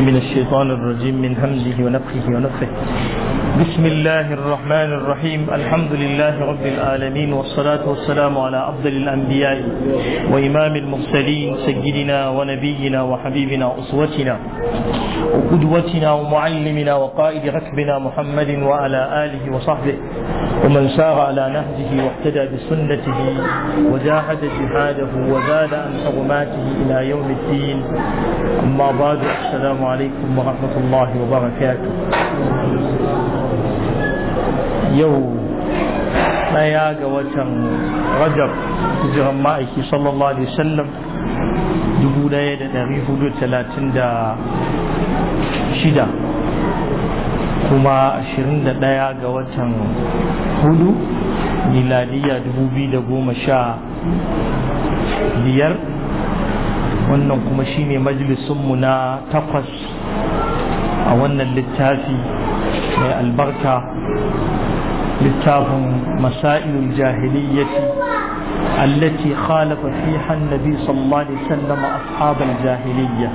من الشيطان الرجيم من همزه ونفخه ونفخه بسم الله الرحمن الرحيم الحمد لله رب العالمين والصلاة والسلام على أفضل الأنبياء وإمام المرسلين سيدنا ونبينا وحبيبنا أسوتنا وقدوتنا ومعلمنا وقائد ركبنا محمد وعلى آله وصحبه ومن سار على نهجه واهتدى بسنته وجاهد جهاده وزاد عن حرماته إلى يوم الدين أما بعد السلام عليكم ورحمة الله وبركاته yau daya ga watan rajab hijiran ma'aiki sallallahu alaihi wasallam 1436 kuma 21 ga watan hudu sha 2015 wannan kuma shine majalisunmu na takwas a wannan littafi mai albarka littafin masailul jahiliyyati allati khalafa fiha annabi sallallahu alaihi wasallam ashabal jahiliyya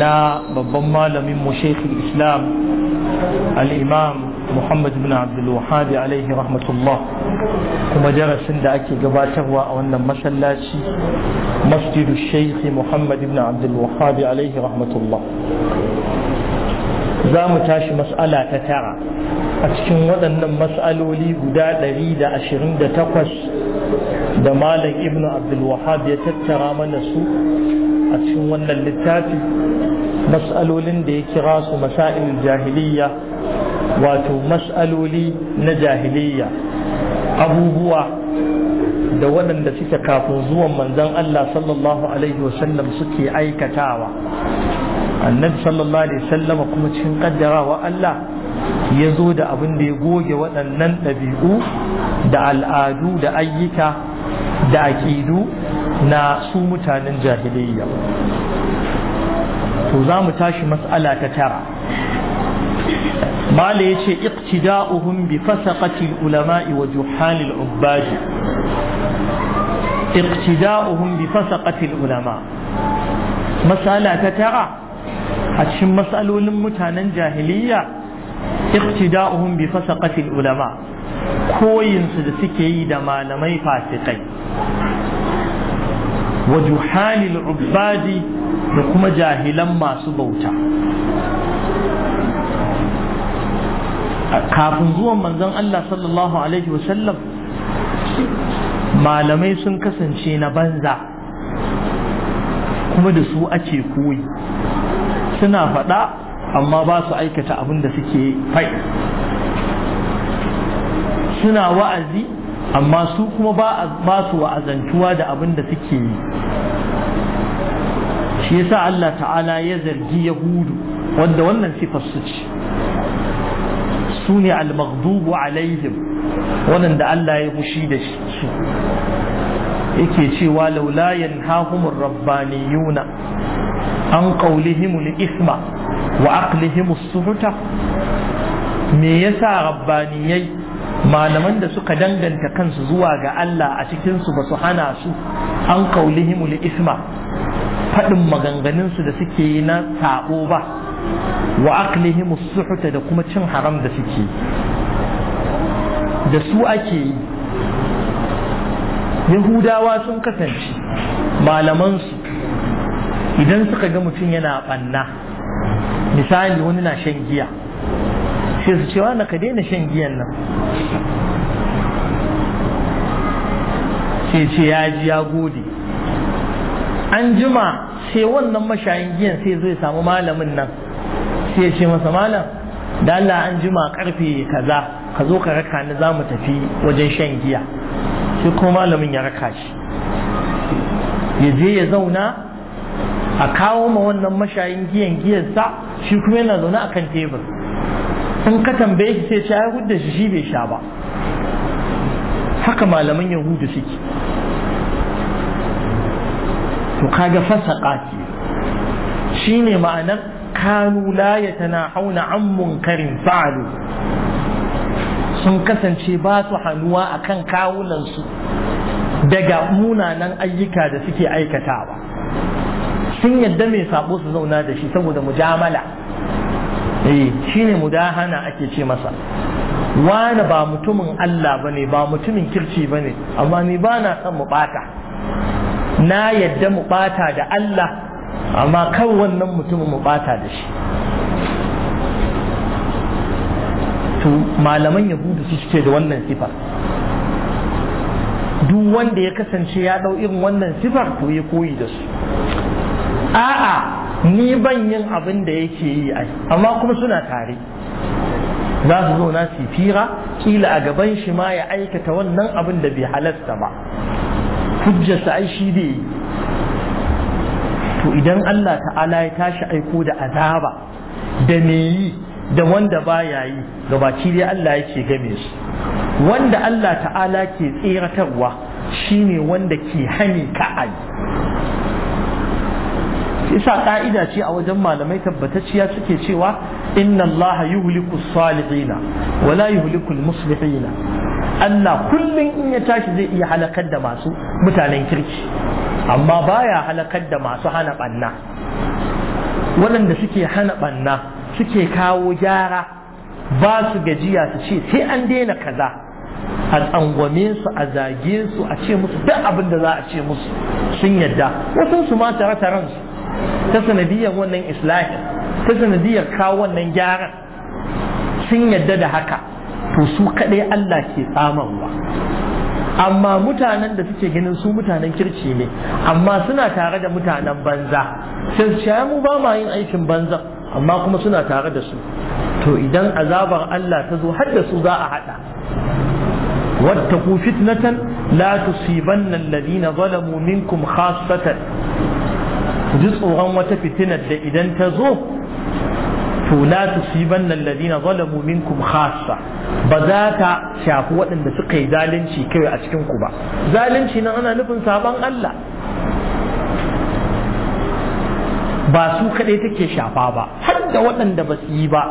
na babban malamin mu shekul islam al-imam muhammad bin abdul wahabi alaihi rahmatullah kuma darasin da ake gabatarwa a wannan masallaci masjidu shaykh muhammad bin abdul wahabi alaihi rahmatullah za mu tashi mas'ala ta tara a cikin waɗannan mas'aloli guda 128 da malam ibnu abdulwahab ya tattara mana su a cikin wannan littafi mas'alolin da ya kira su masa'il jahiliya wato mas'aloli na jahiliya abubuwa da waɗanda suke kafin zuwan manzon Allah sallallahu alaihi wasallam suke aikatawa annabi sallallahu alaihi wasallam kuma cikin kaddarawa Allah ya zo da abin da ya goge waɗannan ɗabi'u da al'adu da ayyuka da aƙidu na su mutanen jahiliyya to za mu tashi mas'ala ta tara mala ya ce iqtida'uhum bi fasaqatil ulama'i wa juhalil ubbaji iqtida'uhum bi fasaqatil ulama mas'ala ta tara a cikin matsalolin mutanen jahiliya iqtida'uhum bi fasaqatil ulama koyinsu da suke yi da malamai fasikai wa juhalil ubbadi da kuma jahilan masu bauta kafin zuwan manzon Allah sallallahu alaihi wasallam malamai sun kasance na banza kuma da su ake koyi suna faɗa amma ba su aikata abin da suke fai suna wa'azi amma su kuma ba su wa'azantuwa da abin da suke yi shi yasa Allah ta'ala ya zargi yahudu wanda wannan sifar su ce su ne al-maghdubu alaihim waɗanda Allah ya fushi da su yake cewa laula yanhahumur rabbaniyuna an qawlihim li isma wa aqlihim as-suhta me yasa rabbaniyai malaman da suka danganta kansu zuwa ga Allah a cikin su ba su hana su an qawlihim li isma faɗin maganganunsu da suke yi na sabo ba wa aqlihim as-suhta da kuma cin haram da suke da su ake yi yahudawa sun kasance malamansu idan suka ga mutum yana banna misali wani na shan giya sai su cewa na ka daina shan giyan nan sai ce ya ji ya gode an jima sai wannan mashayin giyan sai zai samu malamin nan sai ce masa malam da Allah an jima karfe kaza ka zo ka raka ni za mu tafi wajen shan giya sai kuma malamin ya raka shi ya je ya zauna a kawo ma wannan mashayin giyan giyarsa shi kuma yana zaune a kan tebur in ka tambaye shi sai ya ya hudda shi shi bai sha ba haka malaman yahudu suke to kaga fasaka ke shine ma'anar kanu la hauna an munkarin fa'alu sun kasance ba su hannuwa akan kawunansu daga munanan ayyuka da suke aikatawa sun yadda mai sabo su zauna da shi saboda mujamala eh shine mudahana ake ce masa wani ba mutumin Allah bane ba mutumin kirci bane amma ni ba na son mu bata na yadda mu bata da Allah amma kan wannan mutumin mu bata da shi to malaman yahudu su ce da wannan sifar duk wanda ya kasance ya ɗau irin wannan sifar to ya koyi da su a'a ni ban yin abin da yake yi ai amma kuma suna tare za su zo na su fira kila a gaban shi ma ya aikata wannan abin da bai halasta ba hujjarsa ai shi bai to idan Allah ta'ala ya tashi aiko da azaba da me yi da wanda ba ya yi gabaci dai Allah yake game shi wanda Allah ta'ala ke tseratarwa shine wanda ke hani ka ai Isa ka'ida ce a wajen malamai tabbatacciya suke cewa inna Allah yuhliku salihina wa la yuhliku muslihina Allah kullum in ya tashi zai iya halakar da masu mutanen kirki amma baya halakar da masu hana banna waɗanda suke hana banna suke kawo gyara ba su gajiya su ce sai an daina kaza a tsangwame su a zage su a ce musu duk abin da za a ce musu sun yadda wasu su ma tare ransu ta sanadiyar wannan islahin ta sanadiyar kawo wannan gyaran sun yadda da haka to su kaɗai Allah ke tsamarwa amma mutanen da suke ganin su mutanen kirci ne amma suna tare da mutanen banza sai su mu ba ma yin aikin banza amma kuma suna tare da su to idan azabar Allah ta zo har da su za a hada wattaku fitnatan la tusibanna alladhina zalamu minkum khassatan ku ji tsoron wata fitinar da idan ta zo to la tusiban alladhina zalamu minkum khassa ba za ta shafi waɗanda suka yi zalunci kai a cikin ku ba zalunci nan ana nufin sabon Allah ba su kaɗai take shafa ba har da waɗanda ba su yi ba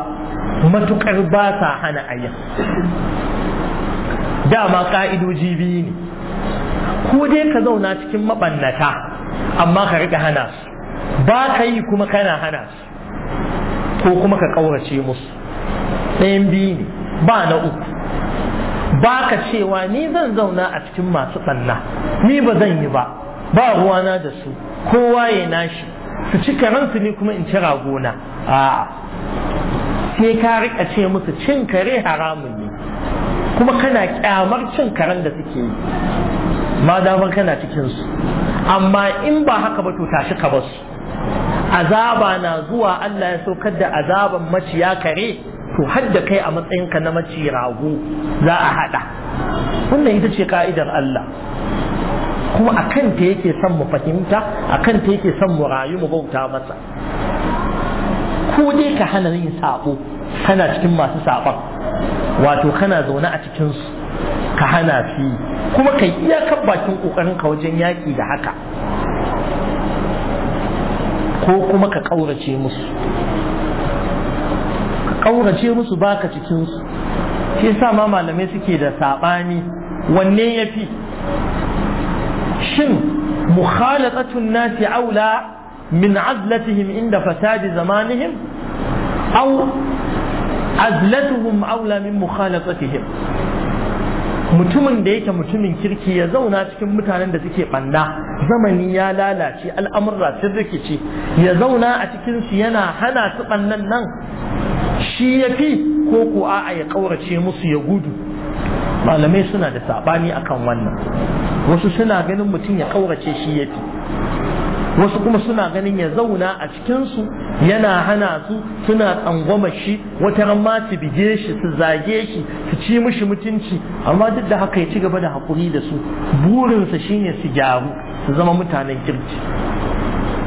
matuƙar ba sa hana ayin dama ƙa'idoji biyu ne ko dai ka zauna cikin maɓannata amma ka riƙa hana su ba ka yi kuma kana hana su ko kuma ka ƙaurace musu ɗayan biyu ne ba na uku ba ka cewa ni zan zauna a cikin masu ɓanna ni ba zan yi ba ba ruwana da su kowa ya nashi su ci karansu ne kuma in ci ragona a sai ka rika ce musu cin kare haramun ne kuma kana kyamar cin karen da suke yi ma damar kana cikinsu amma in ba haka ba to tashi ka basu azaba na zuwa Allah ya saukar da azaban maciya kare to hadda kai a matsayinka na maci rago za a hada wannan ita ce ka'idar Allah kuma a ta yake son mu fahimta a ta yake son mu rayu mu bauta masa ko dai ka hana yin sabo kana cikin masu saban wato kana zaune a cikin su ka hana si. kuma ka iya kan bakin kokarin ka wajen yaki da haka ko kuma ka ƙaurace musu ka ƙaurace musu baka cikinsu shi sa ma malamai suke da saɓani wanne ya fi shin mukhalatatun nasi aula min azlatihim inda fasadi zamanihim au azlatuhum aula min mukhalatatihim mutumin da yake mutumin kirki ya zauna cikin mutanen da suke ɓanna zamani ya lalace al'amurra sun rikice ya zauna a cikinsu yana hana su ɓannan nan shi ya fi ko ko a ya ƙaurace musu ya gudu malamai suna da saɓani akan wannan wasu suna ganin mutum ya ƙaurace shi ya fi wasu kuma suna ganin ya zauna a cikinsu yana hana su suna tsangwama shi wata ran ma bige shi su zage shi su ci mishi mutunci amma duk da haka ya ci gaba da haƙuri da su burinsa shine su gyaru su zama mutanen kirki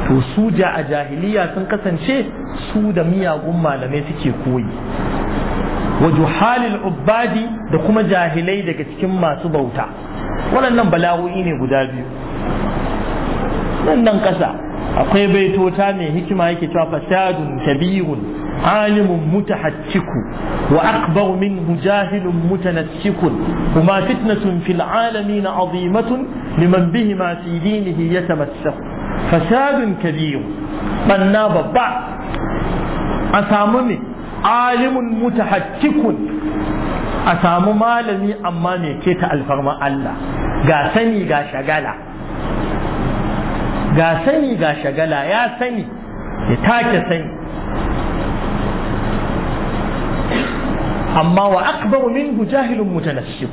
to su ja a jahiliya sun kasance su da miyagun malamai suke koyi wa juhalil ubbadi da kuma jahilai daga cikin masu bauta waɗannan bala'o'i ne guda biyu nan nan ƙasa akwai baitota mai hikima yake cewa fasadun kabirun عالم متحتك وأكبر منه جاهل متنسك وما فتنة في العالمين عظيمة لمن بهما في دينه يتمسك فساد كبير بنا ببع أسامني عالم متحتك أسامو مالني أماني كيت الفرما الله قاسني قاشقالا قاسني قاشقالا يا سني يتاك سني amma wa akbaru minhu jahilun mutanassib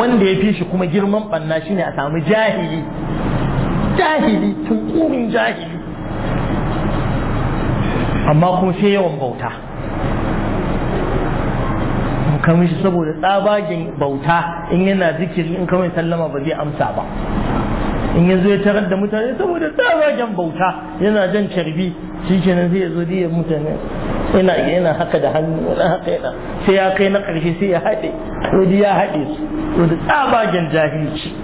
wanda ya fi shi kuma girman banna shine a samu jahili jahili tunkurin jahili amma kuma sai yawan bauta kamar shi saboda tsabagen bauta in yana zikiri in kawai sallama ba zai amsa ba in yanzu ya tarar da mutane saboda tsabagen bauta yana jan carbi shi kenan zai zo diya mutane ina yana haka da hannu wani haka yana sai ya kai na ƙarshe sai ya haɗe wani ya haɗe su wani tsabagen jahilci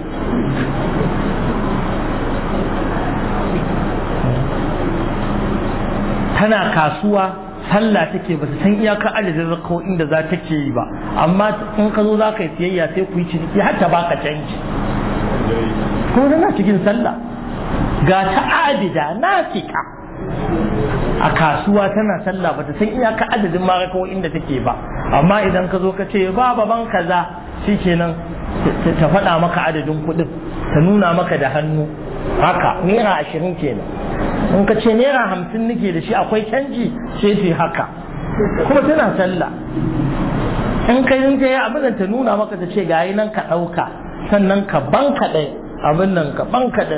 tana kasuwa sallah take ba san iyaka adadin zakko inda za ta ke yi ba amma in ka zo za ka yi siyayya sai ku yi ciniki har ta baka canji ko na cikin sallah ga ta adida na fika a kasuwa tana sallah bata san iyaka adadin ma rakawoyin inda take ba amma idan ka zo ka ce ba baban kaza shikenan ta faɗa maka adadin kuɗin ta nuna maka da hannu haka naira ashirin kenan in ka ce naira hamsin nake da shi akwai canji sai ta haka kuma tana sallah in ka yi ta yi abin ta nuna maka ta ce yi nan ka ɗauka sannan ka banka ɗaya abin nan ka banka da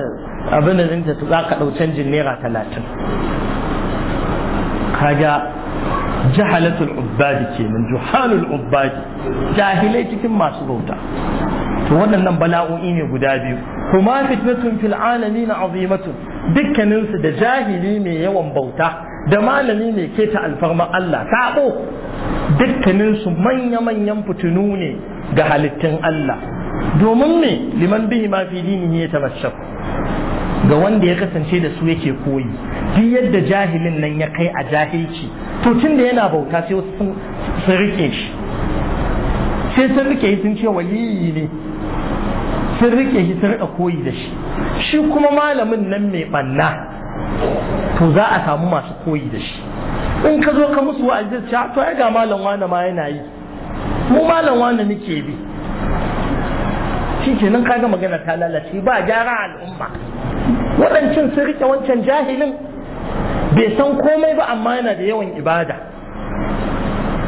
abin da zinta za ka ɗau canjin naira talatin kaga jahalatul ubbadi kenan juhalul ubbadi jahilai cikin masu bauta to waɗannan bala'o'i ne guda biyu kuma fitnatun fil alamin azimatun dukkanin su da jahili mai yawan bauta da malami mai keta alfarma Allah sabo dukkanin su manya manyan fitinu ne ga halittun Allah domin me liman bihi ma fi dinihi ya tabashak ga wanda ya kasance da su yake koyi duk yadda jahilin nan ya kai a jahilci to tun da yana bauta sai wasu sun rike shi sai sun rike sun ce waliyi ne sun rike shi sun rika koyi da shi shi kuma malamin nan mai banna to za a samu masu koyi da shi in ka zo ka musu wa'azi ah, to ai ga malam wani ma yana yi mu malam wani muke bi shi nan kaga magana ta lalace ba gyara al'umma waɗancan sun rike wancan jahilin bai san komai ba amma yana da yawan ibada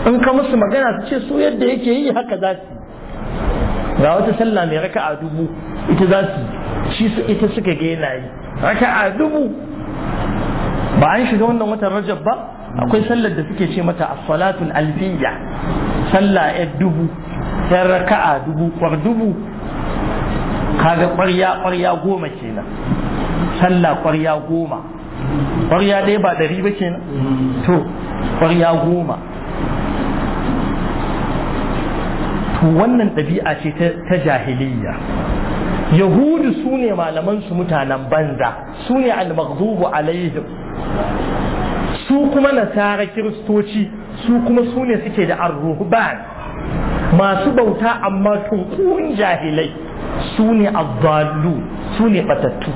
in ka musu magana su ce su yadda yake yi haka za su ga wata sallah mai a dubu ita za su shi su ita suka ga yana yi a dubu ba an shiga wannan watan rajab ba akwai sallar da suke ce mata as-salatul Alfiya. sallah ya dubu raka raka'a dubu kwar dubu kaga ƙwarya ƙwarya goma kenan sallah ƙwarya goma ƙwarya ɗaya ba ɗari ba kenan to ƙwarya goma to wannan ɗabi'a ce ta jahiliya yahudu su ne malaman su mutanen banza su ne almaghdubu alaihim su kuma nasara kiristoci su kuma su ne suke da arruhban masu bauta amma tunkurin jahilai su ne abbalu su ne batattu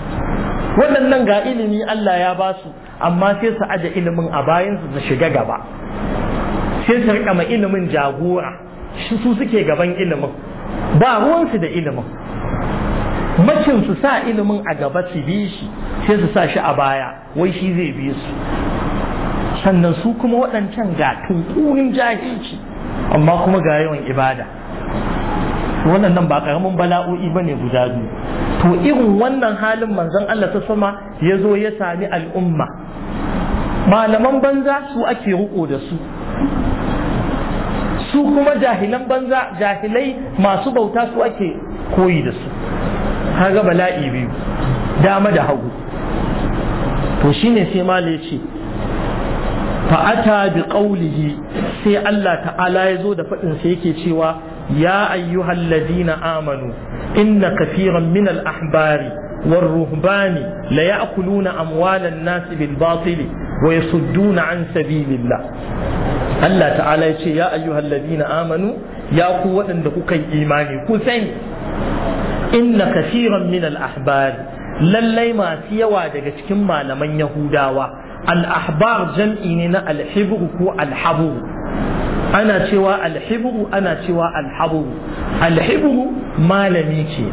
waɗannan ga ilimi Allah ya ba su amma sai su aje ilimin a bayansu su shiga gaba sai su rika ma ilimin jagora shi su suke gaban ilimin ba ruwansu da ilimin macin su sa ilimin a gaba su bi shi sai su sa shi a baya wai shi zai bi su sannan su kuma waɗancan ga tunkunin jahilci amma kuma ga yawan ibada wannan nan ba karamin bala'o'i bane guda biyu to irin wannan halin manzon Allah ta sama ya zo ya sami al'umma malaman banza su ake riko da su su kuma jahilan banza jahilai masu bauta su ake koyi da su ga bala'i biyu dama da hagu to shine sai mala ya ce fa'ata bi qawlihi sai Allah ta'ala ya zo da faɗin sa yake cewa يا أيها الذين آمنوا إن كثيرا من الأحبار والرهبان ليأكلون أموال الناس بالباطل ويصدون عن سبيل الله Allah ta'ala ya ce ya ayyuhal ladina amanu ya ku waɗanda kuka yi imani ku sani inna kasiran min al-ahbari lallai masu yawa daga cikin malaman yahudawa al-ahbar jam'i ne na al ko al ana cewa alhibu ana cewa alhabu alhibu malami ce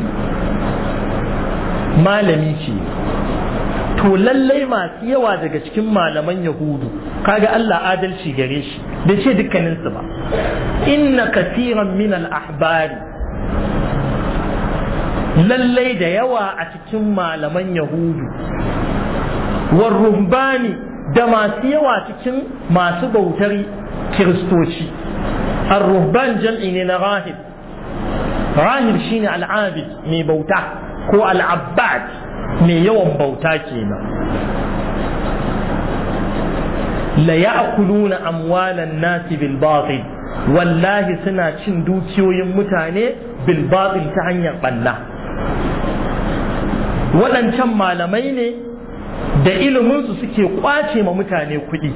malami ce to lallai masu yawa daga cikin malaman yahudu kaga Allah adalci gare shi da ce su ba inna kasiran min al-ahbari lallai da yawa a cikin malaman yahudu war da masu yawa cikin masu bautari kiristoci ar-ruhban jam'i ne na rahib rahib shine al mai bauta ko al'abbad mai yawan bauta kenan la ya'kuluna amwalan nasi bil batil wallahi suna cin dukiyoyin mutane bil batil ta hanyar balla waɗancan malamai ne da iliminsu suke kwace ma mutane kuɗi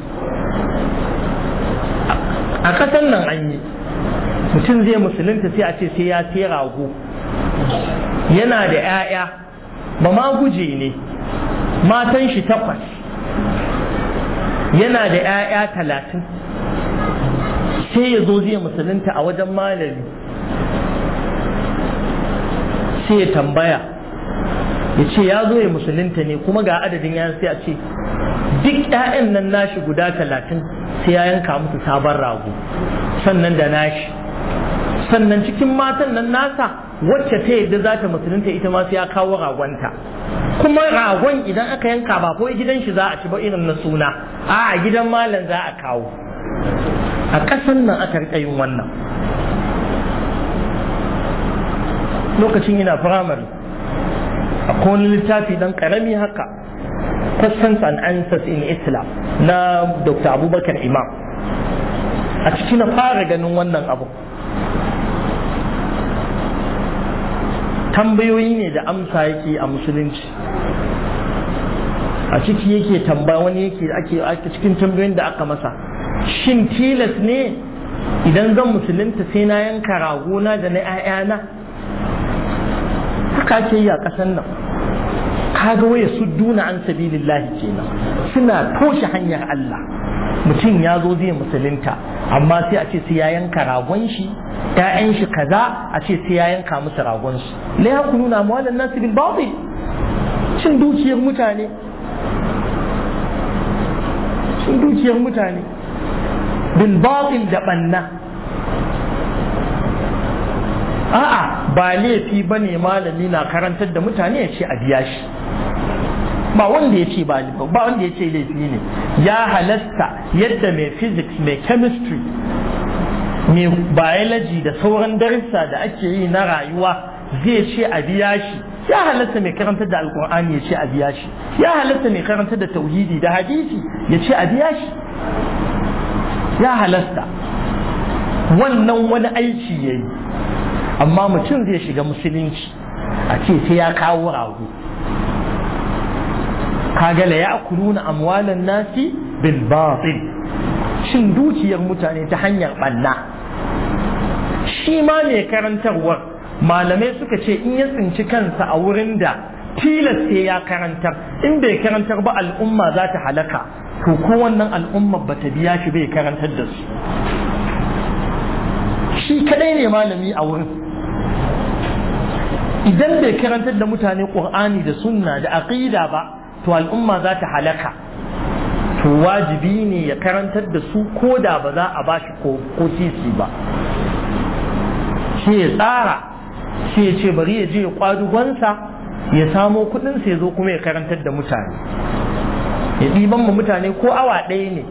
a ƙasar nan an yi mutum zai musulunta sai a ce sai ya sai rago yana da 'ya'ya ba ma guje ne matan shi takwas yana da 'ya'ya talatin sai ya zo zai musulunta a wajen malami sai ya tambaya ya ce ya zo ya musulunta ne kuma ga adadin ya sai a ce duk 'ya'yan nan nashi guda talatin sai ya yanka musu sabon rago sannan da nashi sannan cikin matan nan nasa wacce ta yadda za ta musulunta ita masu ya kawo ragonta kuma ragon idan aka yanka ba ko gidan shi za a ci ba irin na suna a gidan malam za a kawo a ƙasan nan aka riƙa yin wannan lokacin yana firamare a wani littafi ɗan karami haka questions and answers in islam na dr abubakar imam a ciki na fara ganin wannan abu tambayoyi ne da amsa yake a musulunci a ciki yake tambaya wani yake ake a cikin tambayoyin da aka masa shin tilas ne idan zan musulunta sai na yanka ragona da na 'ya'yana haka ke yi a ƙasar nan kaga waya sudduna an sabilillahi kenan suna toshe hanyar Allah mutum ya zo zai musulunta amma sai a ce sai ya yanka ragon shi ƴaƴan shi kaza a ce sai ya yanka musu ragon shi. la yakununa amwalan nas bil batil Shin dukiyar mutane cin dukiyar mutane bil batil da banna a'a ba laifi ba ne malami na karantar da mutane ya ce a biya shi ba wanda ya ce ba ba wanda ya ce laifi ne ya halasta yadda mai physics mai chemistry mai biology da sauran darussa da ake yi na rayuwa zai ce a biya shi ya halasta mai karantar da alkur'ani ya ce a biya shi ya halasta mai karantar da tauhidi da hadisi ya ce a biya shi ya halasta wannan wani aiki ya yi amma mutum zai shiga musulunci a ce sai ya kawo rago kaga la ya'kuluna amwalan nasi bil batil shin dukiyar mutane ta hanyar ɓalla? shi ma ne karantarwar malamai suka ce in ya tsinci kansa a wurin da tilas sai ya karantar in bai karantar ba al'umma za ta halaka to ko wannan al'ummar ba ta biya shi bai karantar da su shi kadai ne malami a wurin idan bai karantar da mutane qur'ani da sunna da aqida ba to al'umma za ta halaka to wajibi ne ya karantar da su ko da ba za a bashi ko sisi ba shi ya tsara shi ya ce bari ya je ya gwansa ya samo kudinsa ya zo kuma ya karantar da mutane ya ɗiban mu mutane ko awa ɗaya ne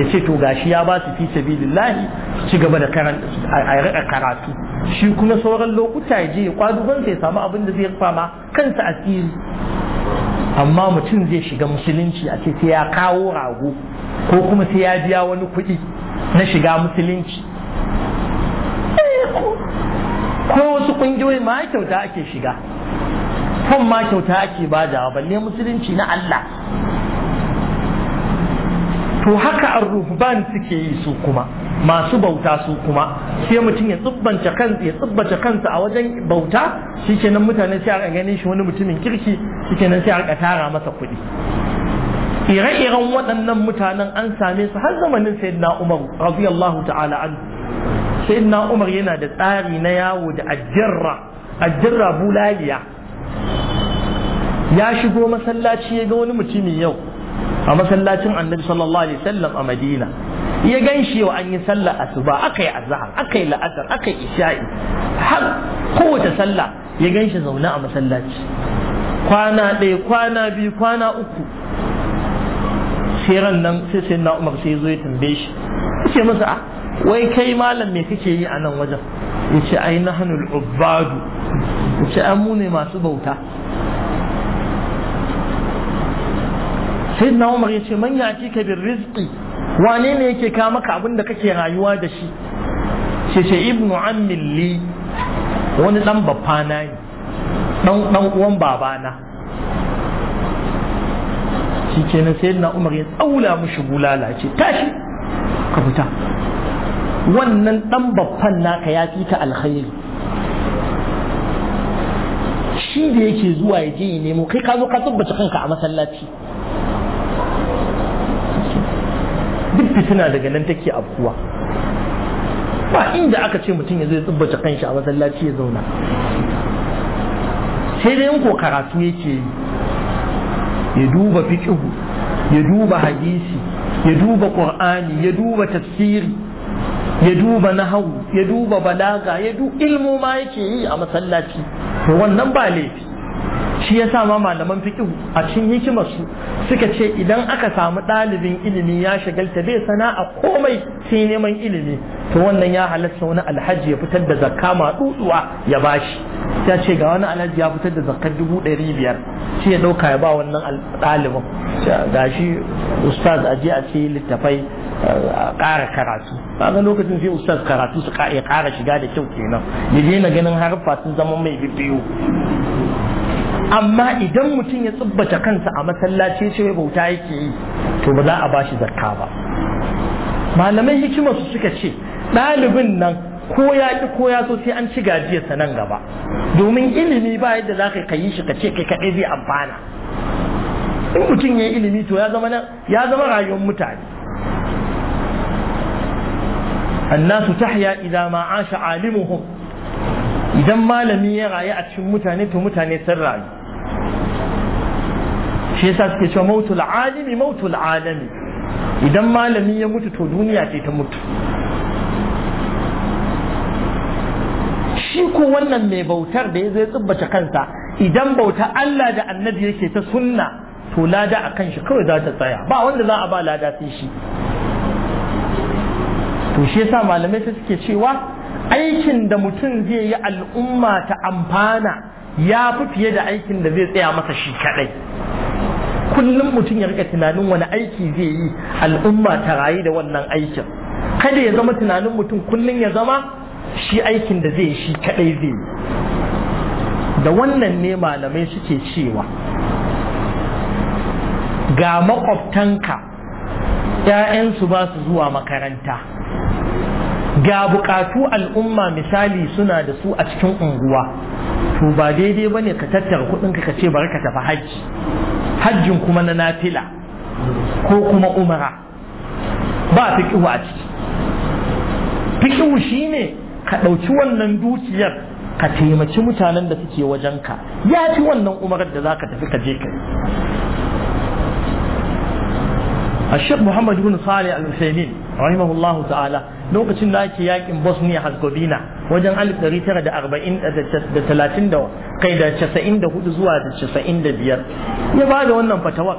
ya ce to gashi ya ba su fi sabilillahi su ci gaba da karatu shi kuma sauran lokuta ya je ya ban sai samu abin da zai fama kansa asiri amma mutum zai shiga musulunci a sai ya kawo rago ko kuma sai ya biya wani kuɗi na shiga musulunci eh, ko wasu ƙungiyoyi ma kyauta ake shiga kan ma kyauta ake bada balle musulunci na Allah to haka ni suke yi su kuma masu bauta su kuma sai mutum ya tsubbanta kansa ya tsubbata kansa a wajen bauta shikenan mutane sai a ganin shi wani mutumin kirki shikenan sai a tara masa kuɗi ire-iren waɗannan mutanen an same su har zamanin sayyidina Umar radiyallahu ta'ala an sayyidina Umar yana da tsari na yawo da ajirra ajirra bulaliya ya shigo masallaci ya ga wani mutumi yau a masallacin annabi sallallahu alaihi wasallam a madina ya gan shi yau an yi sallah asuba aka yi azhar aka yi la'asar aka yi isha'i har kowace sallah ya gan shi zaune a masallaci kwana ɗaya kwana biyu kwana uku sai ran nan sai sai na umar sai zo ya tambaye shi ce masa a ah, wai kai malam me kake yi a nan wajen ya ce ai nahanul ubbadu ya ce an mu ne masu bauta sai na umar ya ce manya ake ka bin rizki wane ne yake ka maka abin da kake rayuwa da shi ce ce ibnu ammin li wani dan ne dan uwan babana shi ke na sai na umar ya tsaula mushi bulala ce tashi ka fita wannan dan babban naka ya fi ta alkhairi shi da yake zuwa ya je ya nemo kai ka zo ka tabbata kanka a masallaci fitina daga nan take afkuwa ba inda aka ce mutum ya zai tsubbace kanshi a masallaci ya zauna sai dai ko karatu yake yi ya duba fiqhu ya duba hadisi ya duba qur'ani ya duba tafsiri ya duba nahawu ya duba balaga ya duk ilmu ma yake yi a masallaci to wannan ba laifi shi yasa ma malaman fiƙi a cikin hikimar su suka ce idan aka samu ɗalibin ilimi ya shagalta bai sana'a komai sai neman ilimi to wannan ya halatta wani alhaji ya fitar da zakka ma dutsuwa ya bashi ya ce ga wani alhaji ya fitar da zakka dubu ɗari biyar shi ya ɗauka ya ba wannan ɗalibin ga shi ustaz a je a ce littafai a ƙara karatu ga lokacin sai ustaz karatu su ƙara shiga da kyau kenan ya daina ganin harfa sun zama mai bibiyu amma idan mutum ya tsubbata kansa a masallaci sai bauta yake yi to ba za a bashi zakka ba malamai hikimar su suka ce ɗalibin nan ko ya ki ko ya so sai an ci gajiyarsa nan gaba domin ilimi ba yadda za ka yi shi ka kai kaɗai zai amfana in mutum ya yi ilimi to ya zama ya zama rayuwar mutane annasu tahya idza ma asha alimuhum idan malami ya rayu a cikin mutane to mutane sun rayu shi yasa suke cewa mautul alimi mautul alami idan malami ya mutu to duniya ce ta mutu shi ko wannan mai bautar da ya zai tsubbace kansa idan bauta Allah da annabi yake ta sunna to lada a kan shi kawai za ta tsaya ba wanda za a ba lada sai shi to shi yasa malamai ta suke cewa aikin da mutum zai yi al'umma ta amfana ya fi fiye da aikin da zai tsaya masa shi kaɗai kullum mutum ya rika tunanin wani aiki zai yi al'umma ta rayu da wannan aikin kada ya zama tunanin mutum kullum ya zama shi aikin da zai shi kadai zai yi da wannan ne malamai suke cewa ga makwabtanka ‘ya'yansu ba su zuwa makaranta ga bukatu al'umma misali suna da su a cikin unguwa to ba daidai bane ka tattara kudin ka ce bari ka tafi hajji hajjin kuma na nafila ko kuma umara ba fiqhu a ciki fiqhu shine ka dauki wannan dukiyar ka taimaci mutanen da suke ka. ya ci wannan umarar da zaka tafi ka je kai الشيخ محمد بن صالح العثيمين rahimahullahu ta'ala lokacin da ake yakin bosnia herzegovina wajen 1940 da kai da 94 zuwa da 95 ya ba da wannan fatawar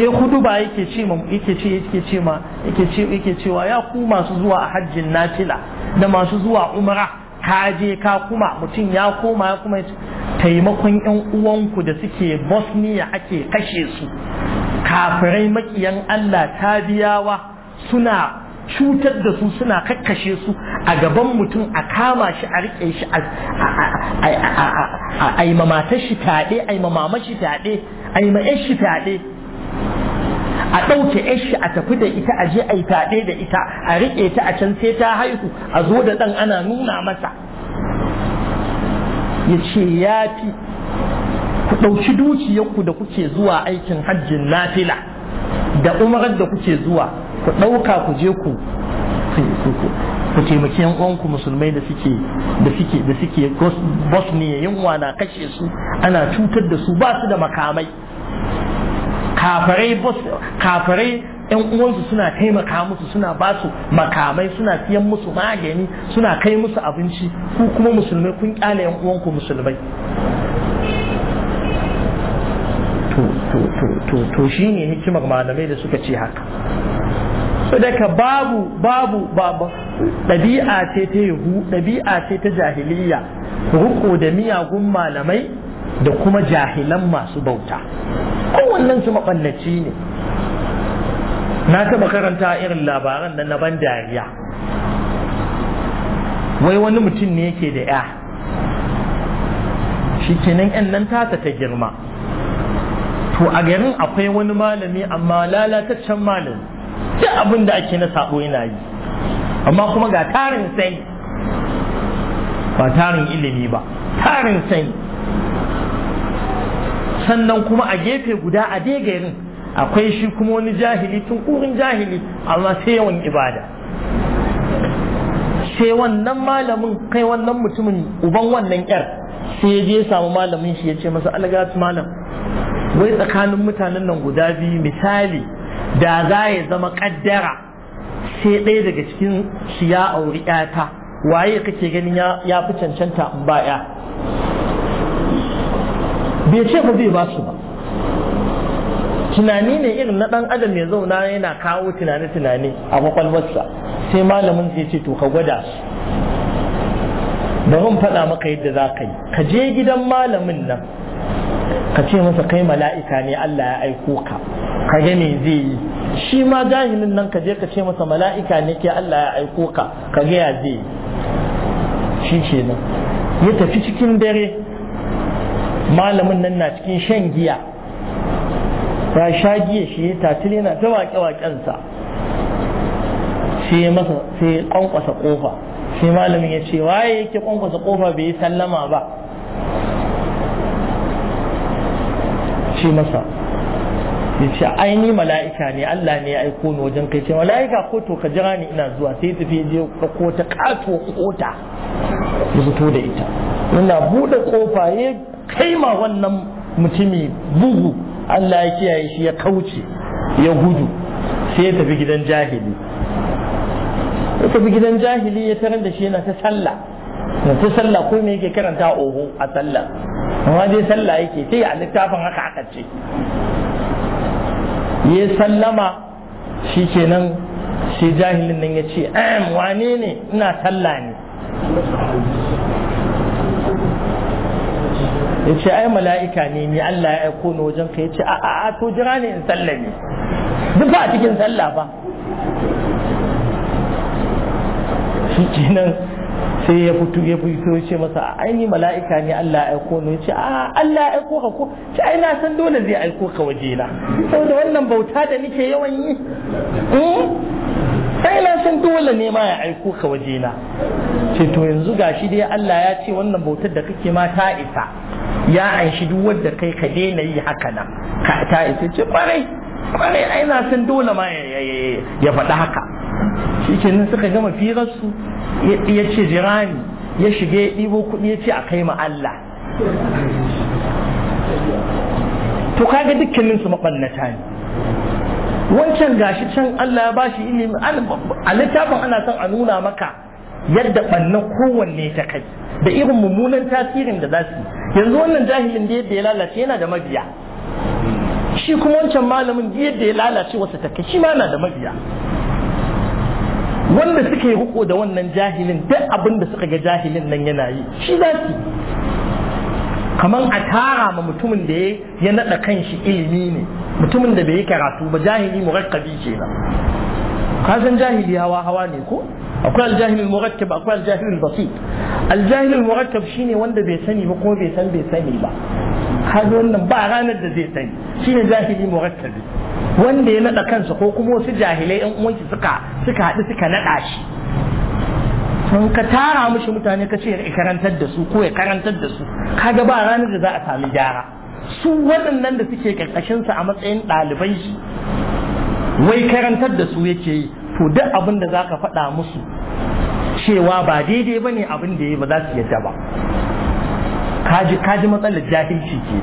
ya hudu ba yake ce ma yake ce yake ce ma yake ce yake cewa ya ku masu zuwa a hajjin nafila da masu zuwa umrah. ka je ka kuma mutum ya koma ya kuma taimakon yan uwanku da suke bosniya ake kashe su kafirai makiyan allah tabiyawa suna cutar da su suna kakkashe su a gaban mutum a kama shi a riƙe shi a aimamata shi fyaɗe aimamama shi fyaɗe aimayen shi fyaɗe a ɗauke yashi a tafi da ita a je a yi taɗe da ita a riƙe ta a can sai ta haihu a zo da ɗan ana nuna masa ya ce ya fi ku ɗauki dukiyarku da kuke zuwa aikin hajjin nafila da umarar da kuke zuwa ku ɗauka ku je ku ku taimaki yan uwanku musulmai da suke da suke da suke Bosnia yunwa na kashe su ana cutar da su ba su da makamai kafirai kafirai yan uwansu suna taimaka musu suna ba su makamai suna siyan musu magani suna kai musu abinci ku kuma musulmai kun kyale yan uwanku musulmai to to shine hikimar malamai da suka ce haka daga babu babu babu ɗabi'a ce ta yahu ɗabi'a ce ta jahiliya ruko da miyagun malamai da kuma jahilan masu bauta kowannen su maballaci ne na taɓa karanta irin labaran na ban dariya wai wani mutum ne yake da ya shi kenan yan nan tasa ta girma to a garin akwai wani malami amma lalataccen malami duk abin da ake na sabo yana yi amma kuma ga tarin sai ba tarin ilimi ba tarin sai sannan kuma a gefe guda a degarin akwai shi kuma wani jahili tun kurin jahili amma sai yawan ibada sai wannan malamin kai wannan mutumin uban wannan yar sai je samu malamin shi ya ce masa algatu malam wai tsakanin mutanen nan guda biyu misali da za ya zama kaddara sai ɗaya daga cikin shi ya auri 'yata waye kake ganin ya fi cancanta in ba 'ya bai ce ba zai ba su ba tunani ne irin na dan adam ya zauna yana kawo tunane tunane a kwakwalwarsa sai malamin zai ce to ka gwada su bari in faɗa maka yadda za ka yi ka je gidan malamin nan ka ce masa kai mala'ika ne Allah ya aiko ka ka ga me zai yi shi ma jahilin nan ka je ka ce masa mala'ika ne ke Allah ya aiko ka ka ga ya zai yi shi ke nan ya tafi cikin dare malamin nan na cikin shan giya ya sha giya shi ya tatil na ta waƙe-waƙensa sai masa sai kwankwasa sai malamin ya ce waye yake kwankwasa kofa bai yi sallama ba ce masa ya ce aini mala'ika ne Allah ne ya aiko ni wajen kai ce mala'ika ko to ka jira ni ina zuwa sai tafi je ko ta kato kota ya fito da ita yana buɗe kofa ya kai ma wannan mutumi bugu Allah ya kiyaye shi ya kauce ya gudu sai ya tafi gidan jahili ya tafi gidan jahili ya tarar da shi yana ta sallah na ta sallah ko me yake karanta ohu a sallah amma dai sallah yake sai a littafin haka aka ce ya sallama shi kenan shi jahilin nan ya ce wane ne ina sallah ne ya ce ai mala'ika ne ni Allah ya aiko ni wajen ka ya ce a a to jira ne in ne duk ba a cikin sallah ba shi kenan sai ya fito ya fito ya ce masa ai ni mala'ika ne Allah ya aiko ni ya ce a Allah ya aiko ka ko ce ai na san dole zai aiko ka waje na saboda wannan bauta da nake yawan yi sai hmm? na san dole ne ma ya aiko ka waje na ce to yanzu gashi dai Allah ya ce wannan bautar da kake ma ta isa ya anshi duk wanda kai ka daina yi haka nan ka ta ita ce kwarai kwarai ai na san dole ma ya faɗi haka shi ke nan suka gama firarsu ya ce jirani ya shige ya ɗibo kuɗi ya ce a kai ma Allah to kaga dukkaninsu maɓannata ne wancan gashi can Allah ya bashi ilimi a littafin ana son a nuna maka yadda ɓannan kowanne ta kai da irin mummunan tasirin da za su yanzu wannan jahilin da yadda ya lalace yana da mabiya shi kuma wancan malamin da yadda ya lalace wasu take shi ma na da mabiya wanda suka yi riko da wannan jahilin duk abin da suka ga jahilin nan yana yi shi za su kamar a tara ma mutumin da ya naɗa kan shi ilimi ne mutumin da bai yi karatu ba jahili mu murakkabi ba. kasan jahili hawa hawa ne ko akwai aljahilul murattab akwai aljahilul basit aljahilul murattab shine wanda bai sani ba kuma bai san bai sani ba har wannan ba ranar da zai sani shine jahili murattabi wanda ya nada kansa ko kuma wasu jahilai ɗan uwanki suka suka haɗu suka nada shi sun ka tara mushi mutane ka ce ya karantar da su ko ya karantar da su kaga ba ranar da za a sami gyara su waɗannan da suke karkashin sa a matsayin ɗalibai wai karantar da su yake yi to duk abin da zaka faɗa musu cewa ba daidai ba ne abin da ya ba za su yadda ba kaji matsalar jahilci ke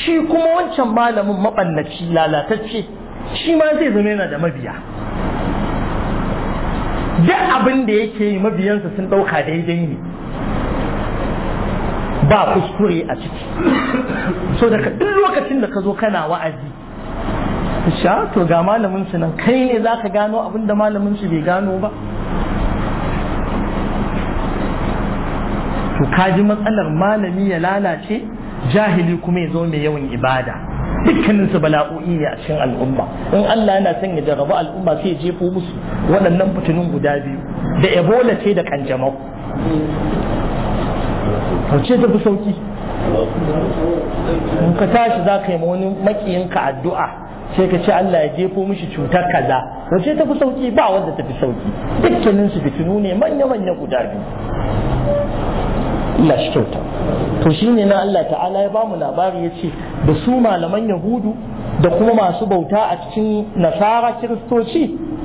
shi kuma wancan malamin maɓannaci lalatacce shi ma zai zama yana da mabiya duk abin da yake yi mabiyansa sun ɗauka daidai ne ba kuskure a ciki so daga duk lokacin da ka zo kana wa'azi sha ah, to ga malamin su nan kai ne za gano abin da malamin su bai gano ba to ji matsalar malami ya lalace jahili kuma ya zo mai yawan ibada dukkanin su bala'o'i ne a cikin al'umma in Allah yana son ya jarraba al'umma sai ya jefo musu waɗannan fitinun guda biyu da ebola ce da kanjamau sauce ta fi sauki in ka tashi za ka yi ma wani makiyinka addu'a sai ka ce Allah ya jefo mishi cutar kaza wace ta fi sauki ba wanda ta fi sauki dukkanin su fitinu ne manya-manya guda biyu Allah shi kyauta to shine na Allah ta'ala ya bamu labari ya ce da su malaman yahudu da kuma masu bauta a cikin nasara kiristoci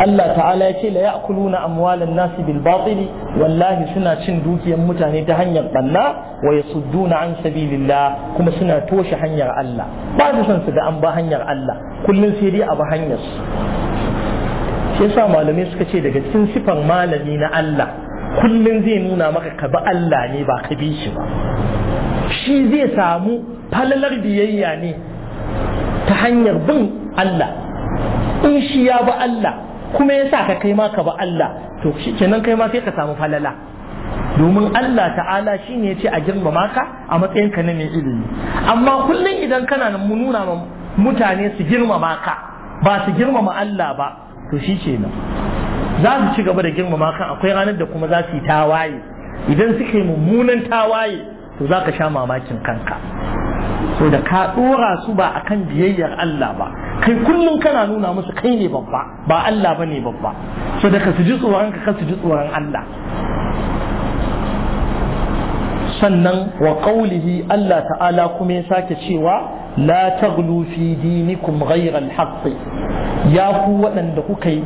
Allah ta'ala ya ce la ya'kuluna amwalan nasi bil wallahi suna cin dukiyar mutane ta hanyar banna wa yasudduna an sabilillah kuma suna toshe hanyar Allah ba su san su da an ba hanyar Allah Kullum sai dai a ba hanyar su shi yasa malamai suka ce daga cikin sifar malami na Allah kullum zai nuna maka ka bi Allah ne ba ka bi shi ba shi zai samu falalar biyayya ne ta hanyar bin Allah in shi ya ba Allah kuma ya sa ka kai ma ka ba Allah to kenan kai ma sai ka samu falala domin Allah ta'ala shi ne ya ce a girmama ka a matsayinka na mai ilimi amma kullum idan kana mu nuna mutane su girmama ka ba su girmama Allah ba to shi kenan za su ci gaba da girmama kan akwai ranar da kuma za su yi tawaye idan suka yi mummunan tawaye to za ka sha mamakin kanka so da ka ɗora su ba akan biyayyar Allah ba kai kullum kana nuna musu kai ne babba ba Allah ba ne babba so da ka su tsoron ka ka tsoron Allah sannan wa Allah ta'ala kuma ya sake cewa la taghlu fi dinikum ghayra al-haqq ya ku waɗanda kuka yi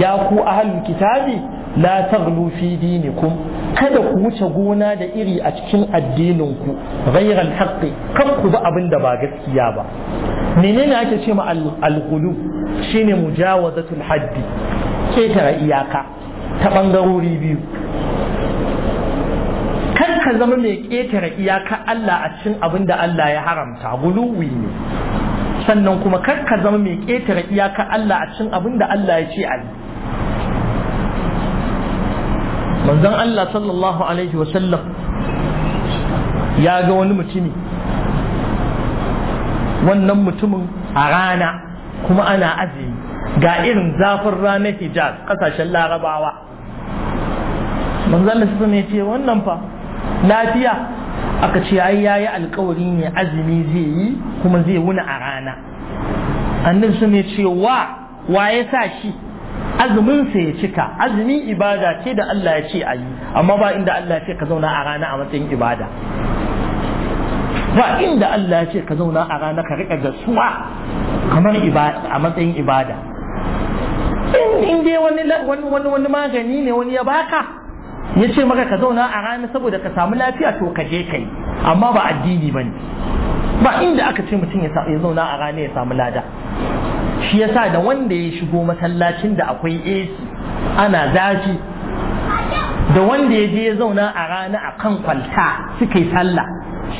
ya ku ahlul kitabi la taghlu fi dinikum kada ku wuce gona da iri a cikin addininku ghairal haqqi kar ku ba abin da ba gaskiya ba menene ake ce ma al-ghulu shine mujawazatul haddi ketara iyaka ta bangarori biyu kan ka zama mai ketara iyaka Allah a cikin abin da Allah ya haramta guluwi ne sannan kuma kar ka zama mai ketara iyaka Allah a cikin abin da Allah ya ce a yi manzon Allah sallallahu alaihi wasallam ya ga wani mutumi wannan mutumin a rana kuma ana azumi ga irin zafin ranar hijaz kasashen larabawa manzon Allah ne ce wannan fa lafiya aka ce ai yi alkawari ne azumi zai yi kuma zai wuni a rana annabi sun ce wa wa ya sa shi azumin sa ya cika azumi ibada ce da Allah ya ce a yi amma ba inda Allah ya ce ka zauna a rana a matsayin ibada ba inda Allah ya ce ka zauna a rana ka rika gasuwa kamar a matsayin ibada in dai wani wani wani magani ne wani ya baka ya ce maka ka zauna a rana saboda ka samu lafiya to ka je kai amma ba addini ba ne. ba inda aka ce mutum ya zauna a rana ya samu lada shi yasa da wanda ya shigo masallacin da akwai AC ana zafi da wanda ya je ya zauna a rana a kan kwalta suka yi sallah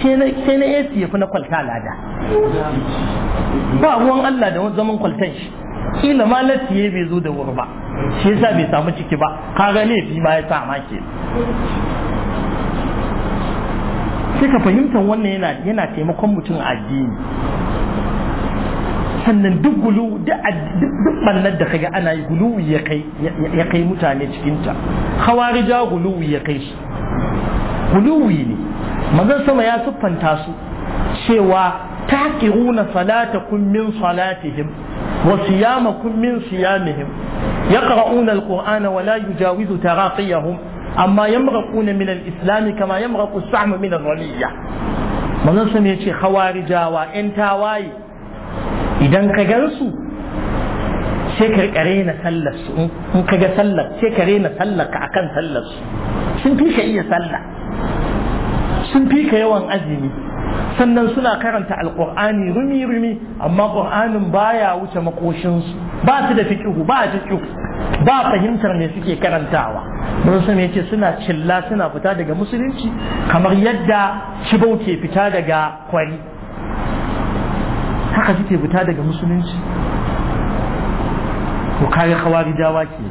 sai na AC ya fi na kwalta lada ba ruwan Allah da zaman kwaltan shi kila ma ya bai zo da wuri ba shi yasa bai samu ciki ba gane laifi ma ya sama ke sai ka fahimtar wannan yana taimakon mutum a addini sannan duk gulu duk ɓannar da kaga ana yi gulu ya kai mutane cikinta hawarija gulu ya kai su guluwi ne mazan sama ya siffanta su cewa salata kun min salatihim wa kun min siyamihim yaqra'una alqur'ana wa la yujawizu taraqiyahum amma yamraquna min alislam kama ya as-sahmu min ar-ramiyya manzon sun yace khawarijawa yan tawaye idan ka gansu sai ka rika rena sallar su in ka ga sallar sai ka rena sallar ka akan sallar su sun fi ka iya sallah sun fi ka yawan azumi sannan suna karanta alqur'ani rumi rumi amma qur'anin baya wuce makoshin su ba su da fiqhu ba fiqhu ba fahimtar me suke karantawa don su yace suna cilla suna fita daga musulunci kamar yadda cibau ke fita daga kwari haka suke fita daga musulunci ko kare kawari dawa ke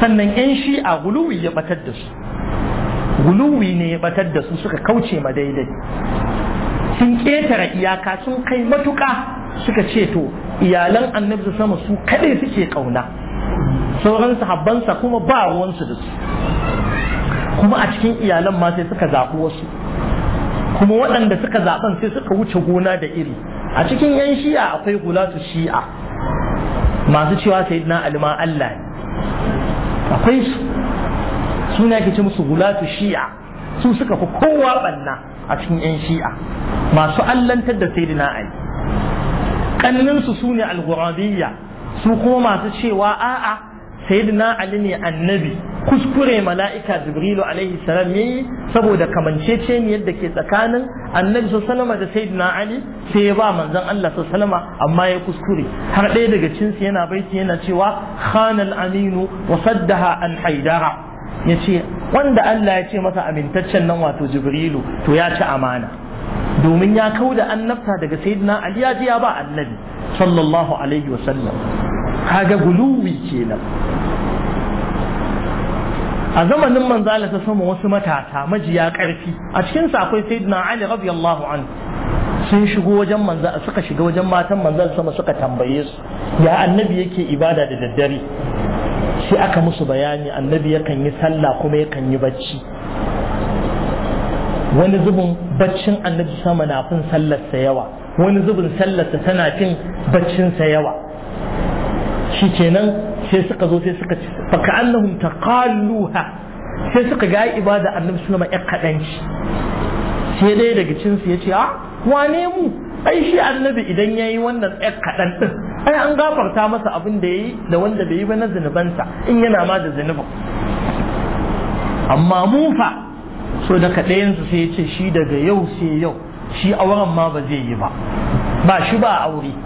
sannan yan shi a guluwi ya batar da su guluwi ne ya batar da su suka kauce ma daidai sun ƙetare iyaka sun kai matuƙa suka ce to iyalan annabi sama su kaɗai suke ƙauna sauran sahabbansa kuma ba ruwansu da su kuma a cikin iyalan ma sai suka zaɓi wasu kuma waɗanda suka zaɓen sai suka wuce gona da iri a cikin yan shi'a akwai gulatu shi'a masu cewa sayyidina ali ma Allah akwai su suna ke ce musu gulatu shi'a su suka fi kowa banna a cikin yan shi'a masu allantar da sayyidina ali kannin su sune al su kuma masu cewa a'a sayyidina ali ne annabi kuskure mala'ika jibrilu alaihi salam ne saboda kamancece ne yadda ke tsakanin annabi sallama da sayyidina ali sai ya ba manzon Allah sallama amma ya kuskure har ɗaya daga cin sa yana baiti yana cewa khanal aminu wa saddaha an haidara yace wanda Allah ya ce masa amintaccen nan wato jibrilu to ya ci amana domin ya kauda annabta daga sayyidina ali ya ji ya ba annabi sallallahu alaihi wasallam kaga guluwi kenan a zamanin manzala ta sama wasu matasa majiya karfi a cikin sa akwai sayyidina ali radiyallahu anhu sun shigo wajen manza suka shiga wajen matan manzan sama suka tambaye su ya annabi yake ibada da daddare sai aka musu bayani annabi yakan yi sallah kuma yakan yi bacci wani zubin baccin annabi sama na fin sallarsa yawa wani zubin sallarsa tana fin baccinsa yawa shi kenan sai suka zo sai suka ci faka annahum taqalluha sai suka ga ibada annabi sallama ya shi sai dai daga cin su yace a ah, wane mu ai shi annabi idan yayi wannan ya kadan din ai an gafarta masa abin da yayi da wanda bai yi ba na zinubansa in yana ma da zinubin amma mu fa so da kadayen su sai yace shi daga yau sai yau shi auren ma ba zai yi ba ba shi ba aure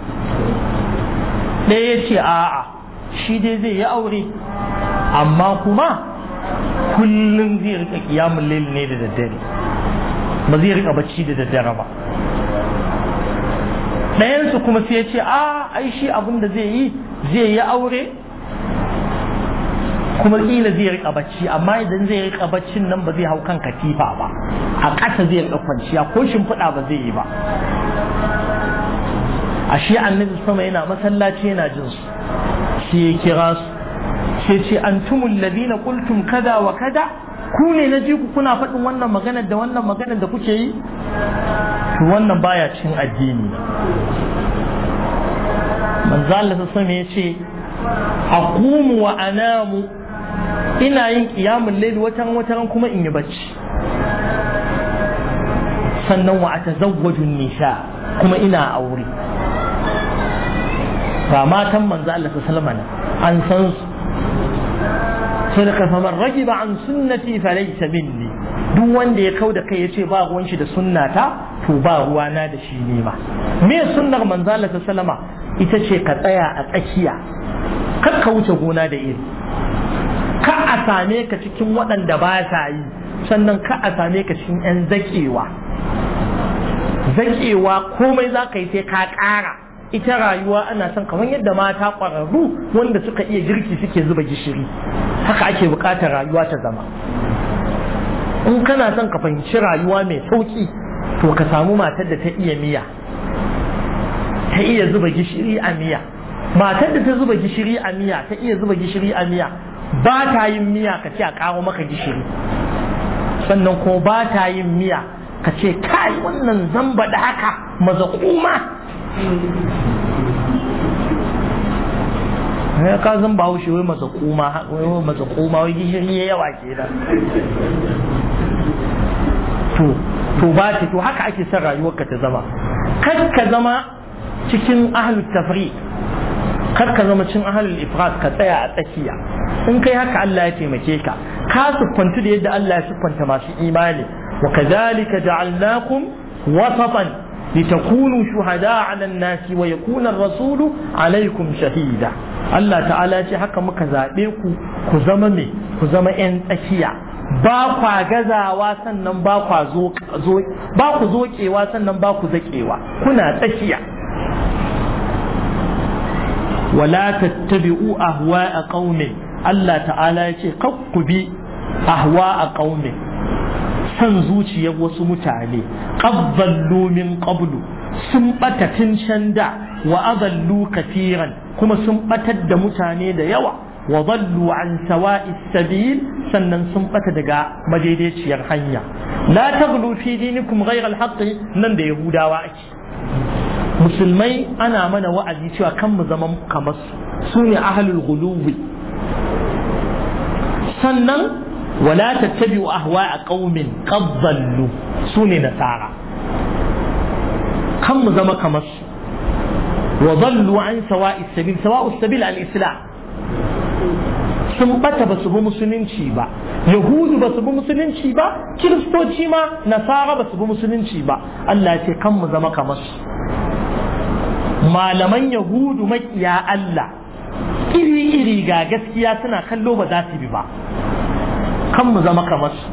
ɗaya ya ce a'a shi dai zai yi aure amma kuma kullum zai rika kiyamun laili ne da daddare ba zai rika bacci da daddare ba ɗayansu kuma sai ya ce a ai shi abin da zai yi zai yi aure kuma kila zai rika bacci amma idan zai rika baccin nan ba zai hau kan katifa ba a ƙasa zai rika kwanciya ko shimfiɗa ba zai yi ba ashe annabi sama yana masallaci yana jin su sai ya kira su sai ce an antumul ladina qultum kada wa kada ku ne na ku kuna faɗin wannan magana da wannan magana da kuke yi to wannan baya cin addini manzo Allah sallallahu ya ce aqumu wa anamu ina yin qiyamul layl watan watan kuma in yi bacci sannan wa atazawwaju nisa kuma ina aure ba matan manzo Allah ta salama an san su sai ka fa man an sunnati fa laysa minni duk wanda ya kauda kai yace ba ruwan shi da sunnata to ba ruwa na da shi ne ba. me sunnar manzo Allah ta salama ita ce ka tsaya a tsakiya kar ka wuce gona da iri ka a same ka cikin waɗanda ba sa yi sannan ka a same ka cikin 'yan zakewa. Zakewa komai za ka yi sai ka ƙara ita rayuwa ana son kamar yadda mata ƙwararru wanda suka iya girki suke zuba gishiri haka ake buƙatar rayuwa ta zama in kana son ka fahimci rayuwa mai sauƙi to ka samu matar da ta iya miya ta iya zuba gishiri a miya matar da ta zuba gishiri a miya ta iya zuba gishiri a miya ba ta yin miya ka ce a kawo maka gishiri sannan ko ba ta yin miya ka ce kai wannan zamba da haka maza kuma ya ka zan ba shi wai masa wai masa kuma wai gishiri ya yawa ke da to to ba ce to haka ake son ka ta zama kar ka zama cikin ahlul tafri kar ka zama cikin ahlul ifrat ka tsaya a tsakiya in kai haka Allah ya taimake ka ka siffanta da yadda Allah ya siffanta masu imani wa kadhalika ja'alnakum wasatan litakunu shuhada ala nasi wa yakuna rasulu alaikum shahida Allah ta'ala ce haka muka zaɓe ku ku zama me ku zama yan tsakiya ba kwa gazawa sannan ba kwa zo ba ku zokewa sannan ba ku zakewa kuna tsakiya wala tattabi'u ahwa'a qaumin Allah ta'ala ya ce kakku bi ahwa'a qaumin san zuciyar wasu mutane qabballu min qablu sun ɓata tun can da wa adallu kafiran kuma sun ɓatar da mutane da yawa wa dallu an sawa'i sabil sannan sun bata daga madaidaiciyar hanya la taghlu fi dinikum ghayra al nan da yahudawa ake musulmai ana mana wa'azi cewa kan mu zama kamar su ne ahlul ghuluwi sannan ولا تتبعوا أهواء قوم قد ضلوا سوني نسارا كم زمك مس وضلوا عن سواء السبيل سواء السبيل الإسلام sun bata ba su bi musulunci ba yahudu ba su bi musulunci ba kiristoci ma nasara ba su bi musulunci ba Allah ce kan mu zama kamar su malaman yahudu makiya Allah iri iri ga gaskiya suna kallo ba za su bi ba kan mu zama kamar su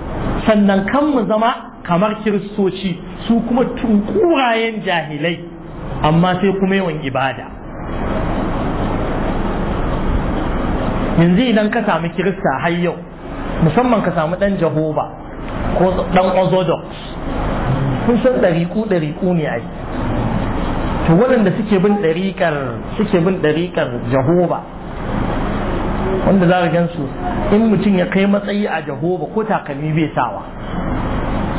sannan kan mu zama kamar kiristoci su kuma tunkurayen jahilai amma sai kuma yawan ibada yanzu idan ka samu kirista har yau musamman ka samu dan jehova ko dan orthodox kun san dariku dariku ne ai to waɗanda suke bin ɗariƙar suke bin ɗariƙar jehova wanda za ka gansu in mutum ya kai matsayi a jahoba ko takalmi bai sawa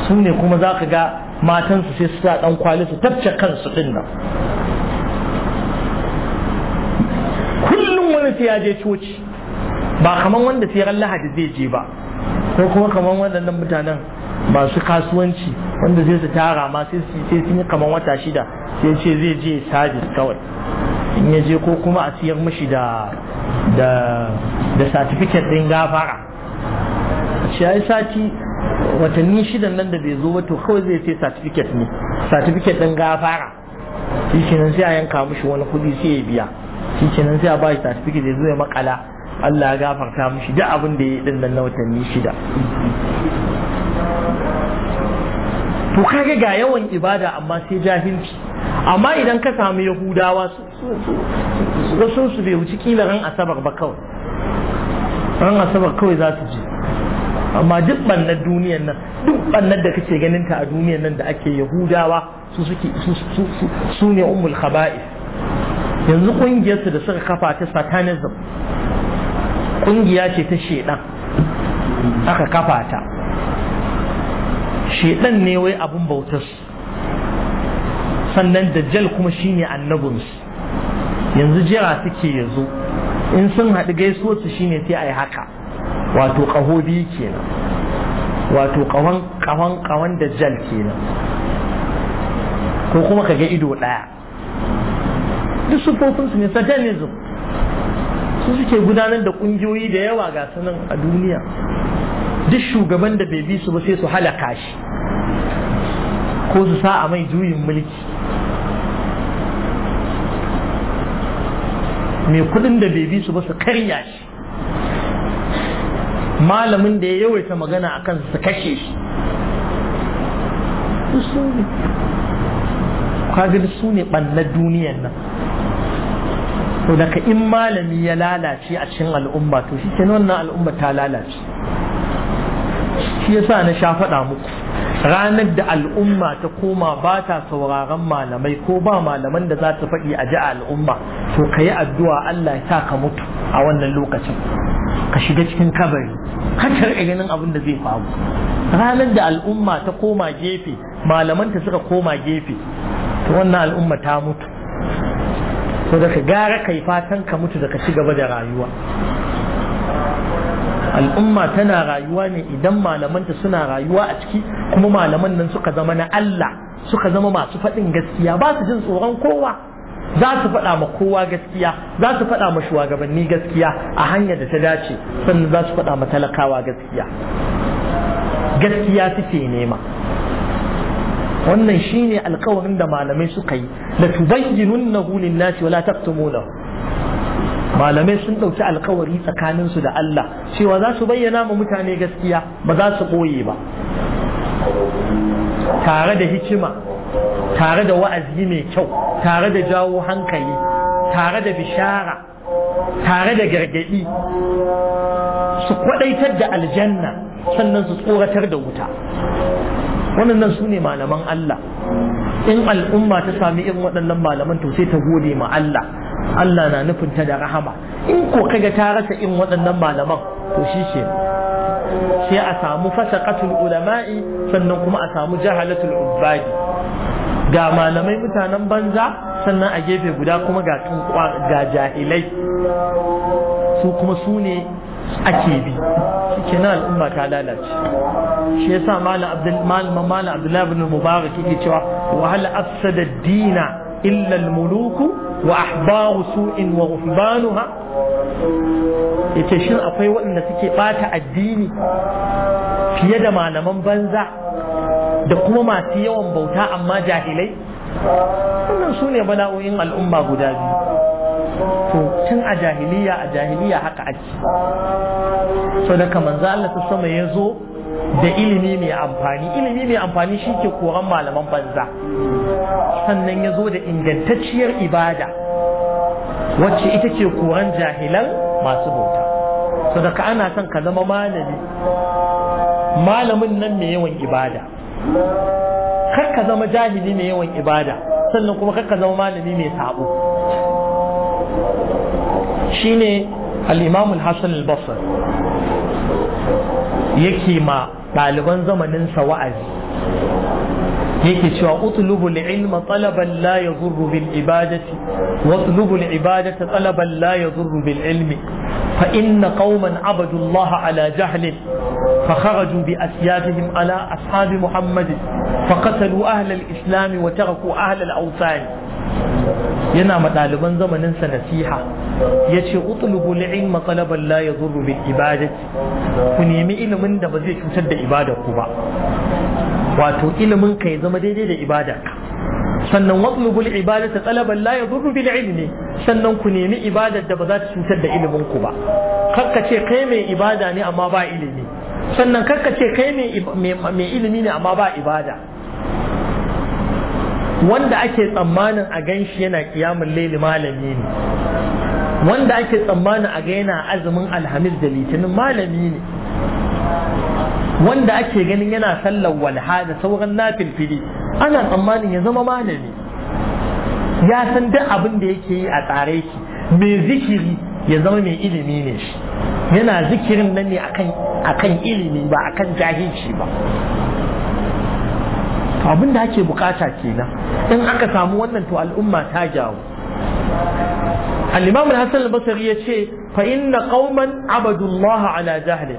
su ne kuma za ka ga matansu sai su sa dan kwali su tafce kansu din nan kullum wani sai ya je coci ba kamar wanda sai ran lahadi zai je ba ko kuma kamar waɗannan mutanen masu kasuwanci wanda zai su tara ma sai sun yi kamar wata shida sai ce zai je sabis kawai in ya je ko kuma a siyar mashi da da da certificate din gafara shi ya sati watanni shidan nan da bai zo ba to kawai zai sai certificate ne certificate din gafara shi kenan sai a yanka mashi wani kudi sai ya biya shi kenan sai a ba shi certificate ya zo ya makala Allah ya gafarta mashi duk abin da ya yi din nan na watanni shida to kaga ga yawan ibada amma sai jahilci amma idan ka samu yahudawa su sun su bai wuce kila ran asabar ba kawai ran asabar kawai za su ji amma duk bannar duniyan nan duk bannar da kace ganin ta a duniyan nan da ake yahudawa su suke su ne ummul khaba'is yanzu su da suka kafa ta satanism kungiya ce ta shedan aka kafa ta shedan ne wai abun bautarsu sannan dajjal kuma shine annabinsu yanzu jira suke ya zo in sun haɗu gaisuwarsu su shine sai a yi haka wato ƙaho biyu kenan wato ƙahon da jal kenan ko kuma ka ga ido ɗaya duk sufofinsu ne satanism su suke gudanar da ƙungiyoyi da yawa ga sanan a duniya duk shugaban da bai bi su ba sai su halaka shi ko su sa a mai juyin mulki mai kudin da bai bi su ba su karya shi malamin da ya yawaita magana a kansa su kashe shi kaga su ne ɓannar duniyan nan to daga in malami ya lalace a cikin al'umma to shi ke wannan al'umma ta lalace shi yasa na sha faɗa muku ranar da al'umma ta koma ba ta sauraron malamai ko ba malaman da za ta faɗi a ji al'umma to ka yi addu'a Allah ya sa ka mutu a wannan lokacin ka shiga cikin kabari kacar ganin abin da zai faru ranar da al'umma ta koma gefe malamanta suka koma gefe to wannan al'umma ta mutu to daga gara kai fatan ka mutu da ka ci gaba da rayuwa al'umma tana rayuwa ne idan malamanta suna rayuwa a ciki kuma malaman nan suka zama na Allah suka zama masu faɗin gaskiya ba su jin tsoron kowa za su faɗa ma kowa gaskiya za su faɗa ma shugabanni gaskiya a hanyar da ta dace sannan za su faɗa ma talakawa gaskiya gaskiya suke nema wannan shine alkawarin da malamai suka yi la tubayyinunnahu lin-nasi wa taktumunahu malamai sun ɗauki alkawari tsakanin su da Allah cewa za su bayyana ma mutane gaskiya ba za su ɓoye ba tare da hikima tare da wa'azi mai kyau tare da jawo hankali tare da bishara tare da gargaɗi su kwaɗaitar da aljanna sannan su tsoratar da wuta waɗannan su ne malaman Allah in al'umma ta sami irin waɗannan malaman to sai ta gode ma Allah Allah na nufin ta da rahama in ko kaga ta rasa in waɗannan malaman to shi ke sai a samu fasaqatul ulama'i sannan kuma a samu jahalatul ubadi ga malamai mutanen banza sannan a gefe guda kuma ga ga jahilai su kuma su ne ake bi shike nan al'umma ta lalace shi yasa malam abdul malam malam abdullahi ibn mubarak yake cewa wa hal afsada dina illa al-muluku واحبار سوء وغفبانها يتشن اكوي وانا تكي باتا الديني في يد ما نمن بنزا da kuma masu yawan bauta amma jahilai wannan su ne bala'o'in al'umma guda biyu to tun a jahiliya a jahiliya haka ake so daga manzo ta sama ya zo da ilimi mai amfani ilimi mai amfani shi ke koran malaman banza sannan ya zo da ingantacciyar ibada wacce ita ke koran jahilan masu bauta sadaka ana son ka zama malami malamin nan mai yawan ibada kar ka zama jahili mai yawan ibada sannan kuma kar ka zama malami mai sabo shine al-imam al-hasan al-basri yake ma ɗaliban zamaninsa wa'azi yake cewa utlubu ilma talaban la yadhurru bil ibadati wa utlubu ibadata talaban la yadhurru bil ilmi fa inna qauman abadu Allah ala jahlin فخرجوا بأسيافهم على أصحاب محمد فقتلوا أهل الإسلام وتركوا أهل الأوثان yana ma ɗaliban zamaninsa nasiha ya ce utulubu ilma talaban la yadurru bil ibadati ku nemi ilimin da ba zai cutar da ibadar ku ba wato ilimin ka ya zama daidai da ibadar ka sannan watlubul ibadata talaban la yadurru bil ilmi sannan ku nemi ibadar da ba za ta cutar da ilimin ku ba karka ce kai mai ibada ne amma ba ilimi sannan karka ce kai mai ilimi ne amma ba ibada wanda ake tsammanin a ganshi yana kiyamun laili malami ne wanda ake tsammanin a ga yana azumin alhamis da litinin malami ne wanda ake ganin yana sallar walha da sauran nafilfili ana tsammanin ya zama malami ya san duk abin da yake yi a tsare shi mai zikiri ya zama mai ilimi ne shi yana zikirin nan ne akan ilimi ba akan jahilci ba abin da ake bukata kenan in aka samu wannan to al'umma ta jawo al-imam al-hasan al-basri yace fa inna qauman abadullah ala jahl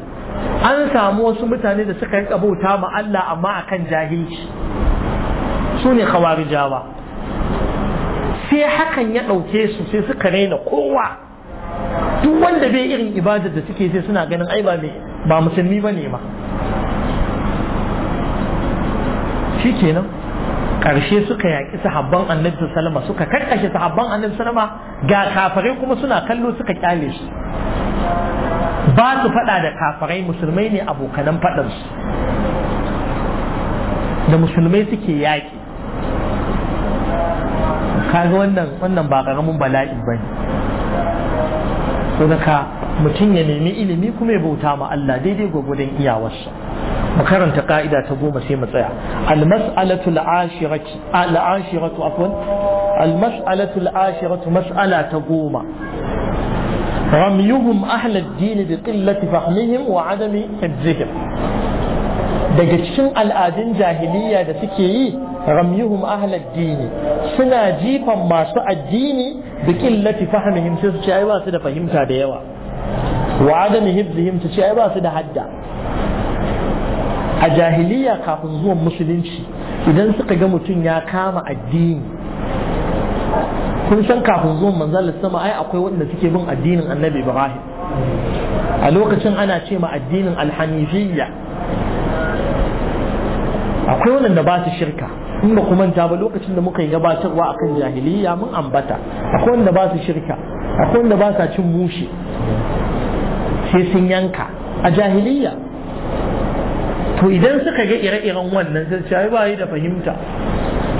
an samu wasu mutane da suka yi bauta ma Allah amma akan jahilci sune khawarijawa sai hakan ya dauke su sai suka raina kowa duk wanda bai irin ibadar da suke sai suna ganin ai ba ba musulmi bane ma shikenan Karshe suka yaƙi sahabban annabi sallama suka karkashe sahabban annabi sallama ga kafirai kuma suna kallo suka kyale su ba su faɗa da kafirai musulmai ne abokanan su da musulmai suke yaƙi kaga wannan wannan ba ƙaramin bala'i bane ne so mutum ya nemi ilimi kuma ya bauta ma Allah daidai gwagwadon iyawarsa mu karanta ka'ida ta goma sai mu tsaya almas'alatu al'ashirati al'ashiratu afwan almas'alatu al'ashiratu mas'ala ta goma ramyuhum ahla ad-din bi qillati fahmihim wa adami hibzihim daga cikin al'adun jahiliya da suke yi ramyuhum ahla ad-din suna jifan masu addini bi qillati fahmihim sai su ce ai ba su da fahimta da yawa wa adami hibzihim su ce ai ba su da hadda a jahiliya kafin zuwan musulunci idan suka ga mutum ya kama addini kun san kafin zuwan manzal sama ai akwai waɗanda suke bin addinin annabi ibrahim a lokacin ana ce ma addinin alhanifiyya akwai wanda ba su shirka in ba kuma ta ba lokacin da muka yi gabatarwa akan jahiliya mun ambata akwai wanda ba su shirka akwai wanda ba sa cin mushe sai sun yanka a jahiliya to idan suka ga ire-iren wannan sai ce ba yi da fahimta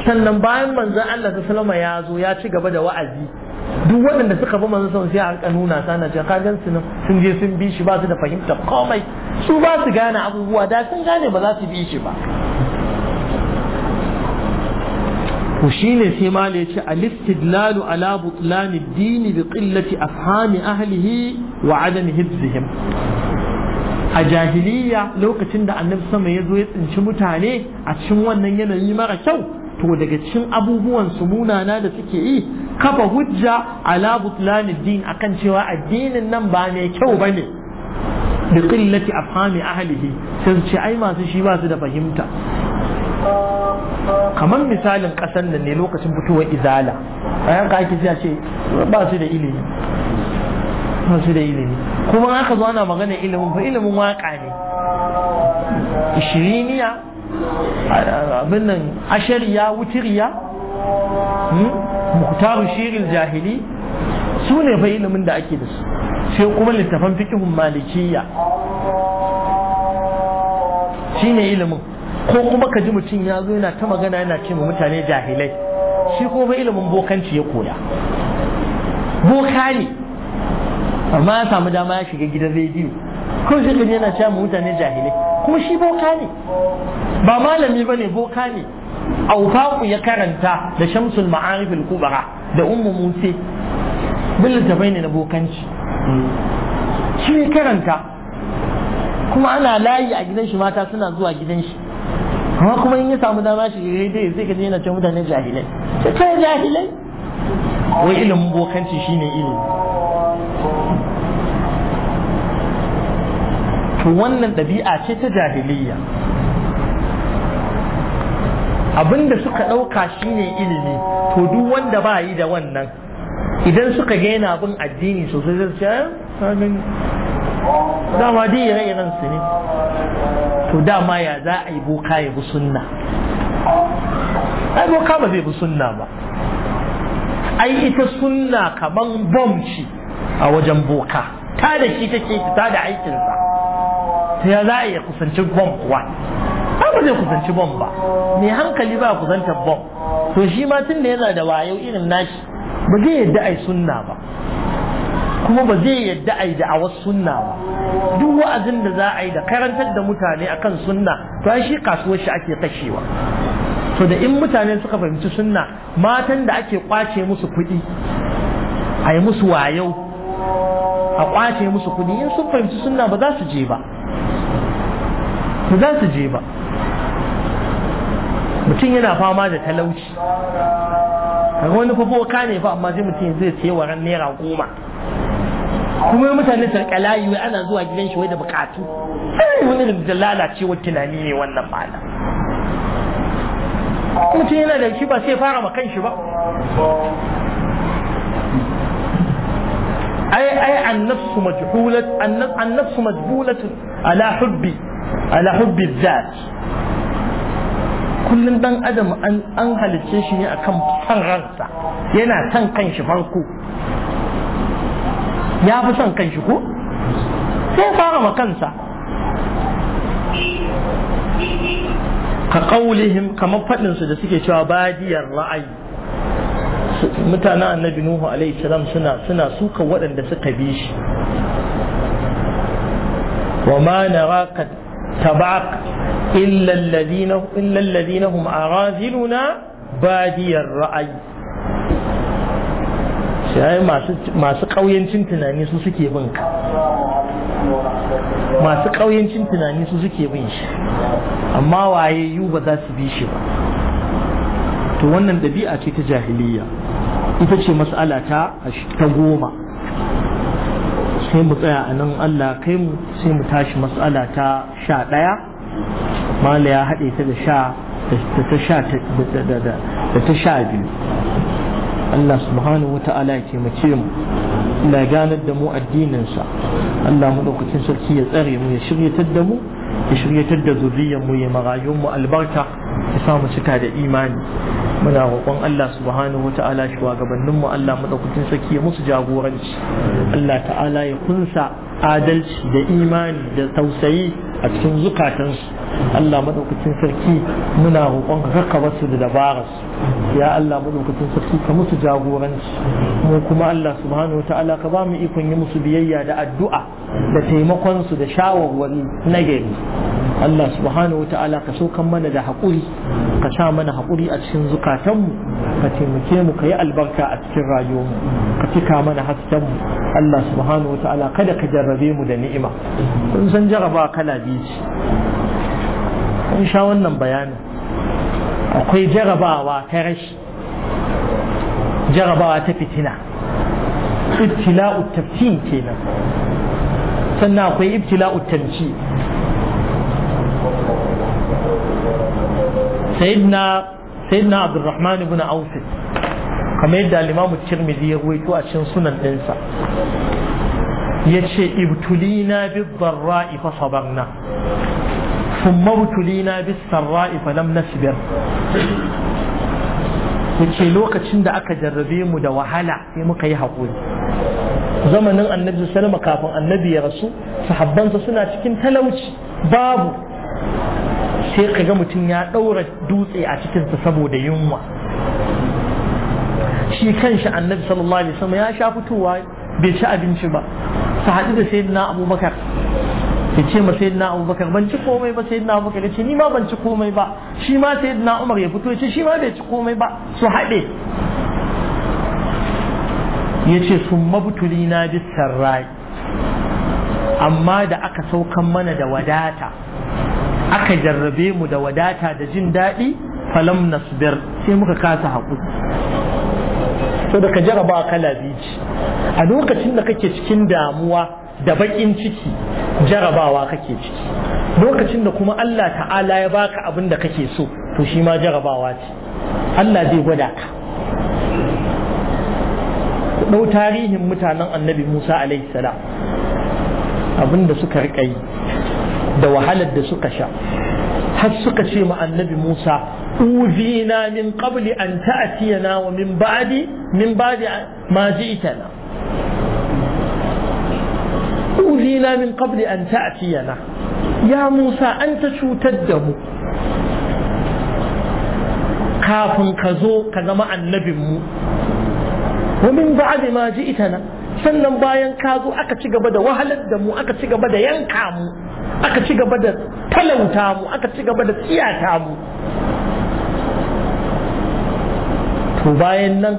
sannan bayan manzon Allah sallama ya zo ya ci gaba da wa'azi duk waɗanda suka bi manzon sallallahu sai harka nuna sana ce ka gan su sun je sun bi shi ba su da fahimta komai su ba su gane abubuwa da sun gane ba za su bi shi ba to shine sai ma yace ce istidlalu ala butlan ad-din bi qillati afhami ahlihi wa adam hibzihim a jahiliya lokacin da annabi sama ya zo ya tsinci mutane a cikin wannan yanayi mara kyau to daga cikin abubuwan su munana da suke yi kafa hujja ala butlan din akan cewa addinin nan ba mai kyau bane da qillati afhami ahlihi sai ce ai masu shi ba su da fahimta kamar misalin kasan nan ne lokacin fitowar izala bayan ka ake ce ba su da ilimi ba su da ilimi kuma aka zo ana magana ilimin fa ilimin waka ne ishiriniya abin nan ashariya wutiriya hmm, muktaru shiril jahili su ne fa ilimin da ake da su sai kuma littafan fikihun malikiya shi ne ilimin ko kuma ka ji mutum ya zo yana ta magana yana ce mutane jahilai shi kuma ilimin bokanci ya koya boka ne amma ya samu dama ya shiga gidan rediyo kawai shi kan yana cewa mutane jahilai kuma shi boka ne ba malami ba ne boka ne aufaku ya karanta da shamsul ma'arifin kubara da ummu mutse bin littafai ne na bokanci shi ne karanta kuma ana layi a gidan shi mata suna zuwa gidan shi amma kuma in ya samu dama shi rediyo zai ka yana cewa mutane jahilai sai jahilai wai ilimin bokanci shine ilimi to wannan ɗabi'a ce ta jahiliya abinda suka ɗauka shine ilimi to duk wanda ba yi da wannan idan suka ga yana bin addini sosai zai ce eh, dama dai ire-iren su ne to dama ya za a yi boka ya bi sunna ai boka ba zai bi sunna ba ai ita sunna kaman bom ce a wajen boka ta da shi take ta da aikinsa ta ya za a iya kusanci bom kuwa ba ba zai kusanci bom ba mai hankali ba kusantar bom to shi ma tun da yana da wayo irin nashi ba zai yadda ai sunna ba kuma ba zai yadda ai da a sunna ba duk wa'azin da za a yi da karantar da mutane kan sunna to ai shi kasuwar shi ake kashewa to da in mutane suka fahimci sunna matan da ake kwace musu kuɗi a yi musu wayo a kwace musu kuɗi in sun fahimci sunna ba za su je ba ba za su je ba mutum yana fama da talauci kaga wani ka ne ba amma zai mutum zai sayi waran naira goma kuma mutane sarkala yi ana zuwa gidan shi wai da bukatu wani da lalacewar tunani ne wannan malam mutum yana da shi ba sai fara ma kanshi ba ai ai annafsu majhulat annafsu majbulatun ala hubbi ala hubbi zat kullum dan adam an halicce shi ne akan san ransa yana kan shi farko ya fi son kan shi ko sai fara ma kansa ka kaulihim kamar faɗinsu da suke cewa badiyar ra'ayi mutanen annabi nuhu alaihi salam suna suna suka waɗanda suka bi shi wa ma naraka tabaq illa alladhina illa alladhina hum araziluna badiyar ra'ayi sai masu masu tunani su suke bin ka masu tunani su suke bin shi amma waye yu ba za su bi shi ba to wannan ɗabi'a ce ta jahiliya ita ce mas'ala ta ta goma sai mu tsaya a nan Allah kai mu sai mu tashi matsala ta sha ɗaya mala ya haɗe ta da sha da ta sha biyu Allah subhanahu wa ta'ala ya taimake mu Allah ya ganar da mu addininsa Allah mu ɗaukacin sarki ya tsare mu ya shiryatar da mu ya shiryatar da zuriyar mu ya marayun mu albarka ya sa mu cika da imani muna roƙon Allah subhanahu wata'ala shugabannin mu Allah madaukakin sarki ya musu jagoranci Allah ta'ala ya kunsa adalci da imani da tausayi a cikin zukatansu Allah madaukakin sarki muna roƙon ka su da dabararsu ya Allah madaukakin sarki ka musu jagoranci mu kuma Allah subhanahu ta'ala ka ba mu ikon yi musu biyayya da addu'a da taimakon su da shawarwari na gari Allah subhanahu ta'ala ka saukan mana da haƙuri ka sa mana haƙuri a cikin zukatanmu ka taimake mu ka yi albarka a cikin rayuwarmu ka cika mana haskenmu Allah subhanahu ta'ala kada ka jarrabe mu da ni'ima kun san jaraba kala biyu ce kun sha wannan bayanin akwai jarabawa ta rashi jarabawa ta fitina ibtila'u tafsin kenan sannan akwai ibtila'u tamci sayyidina sayyidina abdurrahman ibn auf kamar yadda al-imam tirmidhi ya ruwaito a cikin sunan ɗinsa ya yace ibtulina bid-dharra'i fa sabarna ثم ابتلينا بالسراء فلم نصبر yace lokacin da aka jarrabe mu da wahala sai muka yi haƙuri zamanin annabi sallama kafin annabi ya rasu sahabbansa suna cikin talauci babu sai kaga mutum ya ɗaura dutse a cikinsa saboda yunwa shi kanshi annabi sallallahu alaihi wasallam ya sha fitowa bai ci abinci ba su haɗu da sayyidina abubakar ya ce ma na abubakar ban ci komai ba na abubakar ya ce ni ma ban ci komai ba shi ma na umar ya fito ya ce shi ma bai ci komai ba su haɗe ya ce sun mabutuli na bisan rai amma da aka saukan mana da wadata aka jarrabe mu da wadata da jin daɗi falam subir sai muka kasa haƙuri to da ka jaraba kala biyu a lokacin da kake cikin damuwa da bakin ciki jarabawa kake ciki lokacin da kuma Allah ta'ala ya baka abin da kake so to shi ma jarabawa ce Allah zai gwada ka ku ɗau tarihin mutanen annabi Musa alaihi salam abin da suka riƙa yi da wahalar da suka sha har suka ce ma annabi Musa uzina min qabli an ta'tiyana wa min ba'di min ba'di ma ji'tana علينا من قبل أن تأتينا يا موسى أنت شو تدم كاف كزو كنما النبي ومن بعد ما جئتنا sannan bayan ka zo aka ci gaba da wahalar da mu aka ci gaba da yanka mu aka ci gaba da talauta mu aka ci gaba da tsiyata mu to bayan nan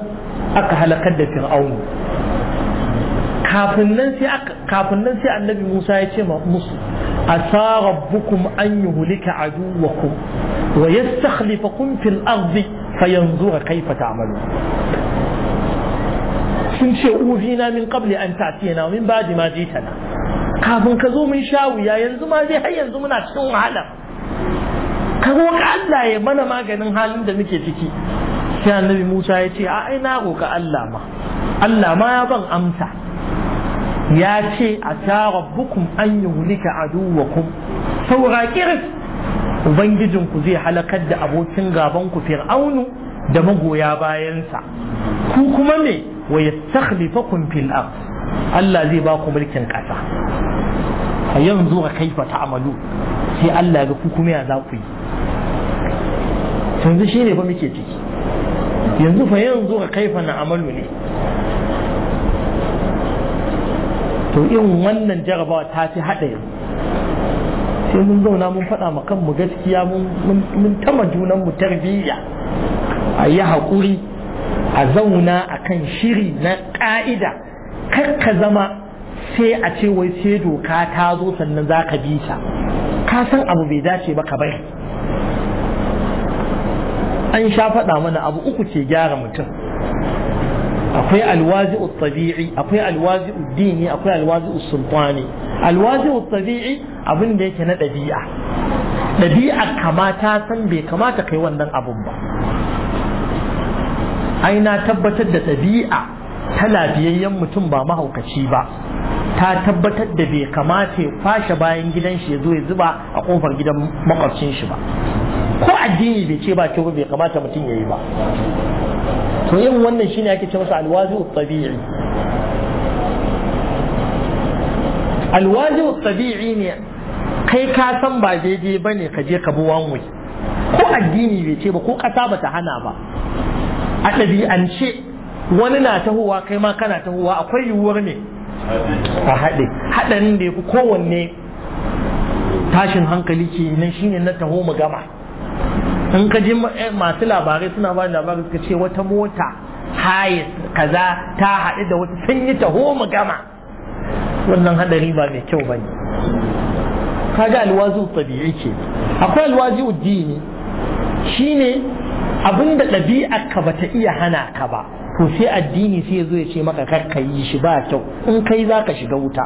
aka halakar da fir'aunu kafin nan sai annabi Musa ya ce musu asa rabbukum an yuhlika aduwakum wa yastakhlifakum fa yanzu ka kaifa ta'malu sun ce uzina min qabli an ta'tiyana min ba'di ma na kafin ka zo mun sha wuya yanzu ma zai har yanzu muna cikin wahala ka roƙa Allah ya mana maganin halin da muke ciki sai annabi Musa ya ce a ai na roƙa Allah ma Allah ma ya ban amsa ya ce a tara bukum an yi wulika aduwakum saura kiris ubangijinku zai halakar da abokin gabanku fir'aunu da magoya bayansa ku kuma ne wa ya yastakhlifakum fil ard Allah zai ba ku mulkin kasa a yanzu ga kaifa ta ta'malu sai Allah ga ku kuma ya za ku yi yanzu shine fa muke ciki yanzu fa yanzu ga kaifa na amalu ne to irin wannan jarabawa ta fi yanzu sai mun zauna mun faɗa ma kanmu gaskiya mun tama junan mu tarbiyya a yi haƙuri a zauna a kan shiri na ƙa'ida kar ka zama sai a ce wai sai doka ta zo sannan za ka bi ta ka san abu bai dace ba ka bari an sha faɗa mana abu uku ce gyara mutum akwai alwazi'u tabi'i akwai alwazi'u dini akwai alwazi'u sultani alwazi'u tabi'i abin da yake na ɗabi'a ɗabi'a kamata san bai kamata kai wannan abun ba ai tabbatar da ɗabi'a ta lafiyayyen mutum ba mahaukaci ba ta tabbatar da bai kamata ya kwashe bayan gidan shi ya zo ya zuba a kofar gidan makwabcin shi ba ko addini bai ce ba kyau bai kamata mutum ya yi ba to yin wannan shine ake ce masa alwazi tabi'i alwaju tabi'i ne kai ka san ba daidai bane ka je ka bi wanwe ko addini bai ce ba ko kasa ba ta hana ba a ɗabi'ance wani na tahowa kai ma kana tahowa akwai yiwuwar ne a haɗe haɗarin da ya kowanne tashin hankali ke nan shine na taho mu gama in ka ji eh, masu labarai suna ba labarai suka ce wata mota haye kaza ta haɗu da wata sun yi taho mu gama wannan hadari ba mai kyau bane kaga alwazu tabi'i ce akwai alwazu dini shine abinda ɗabi'ar ka bata iya hana ka ba to sai addini sai ya zo ya ce maka kar ka yi shi ba kyau in kai za ka shiga wuta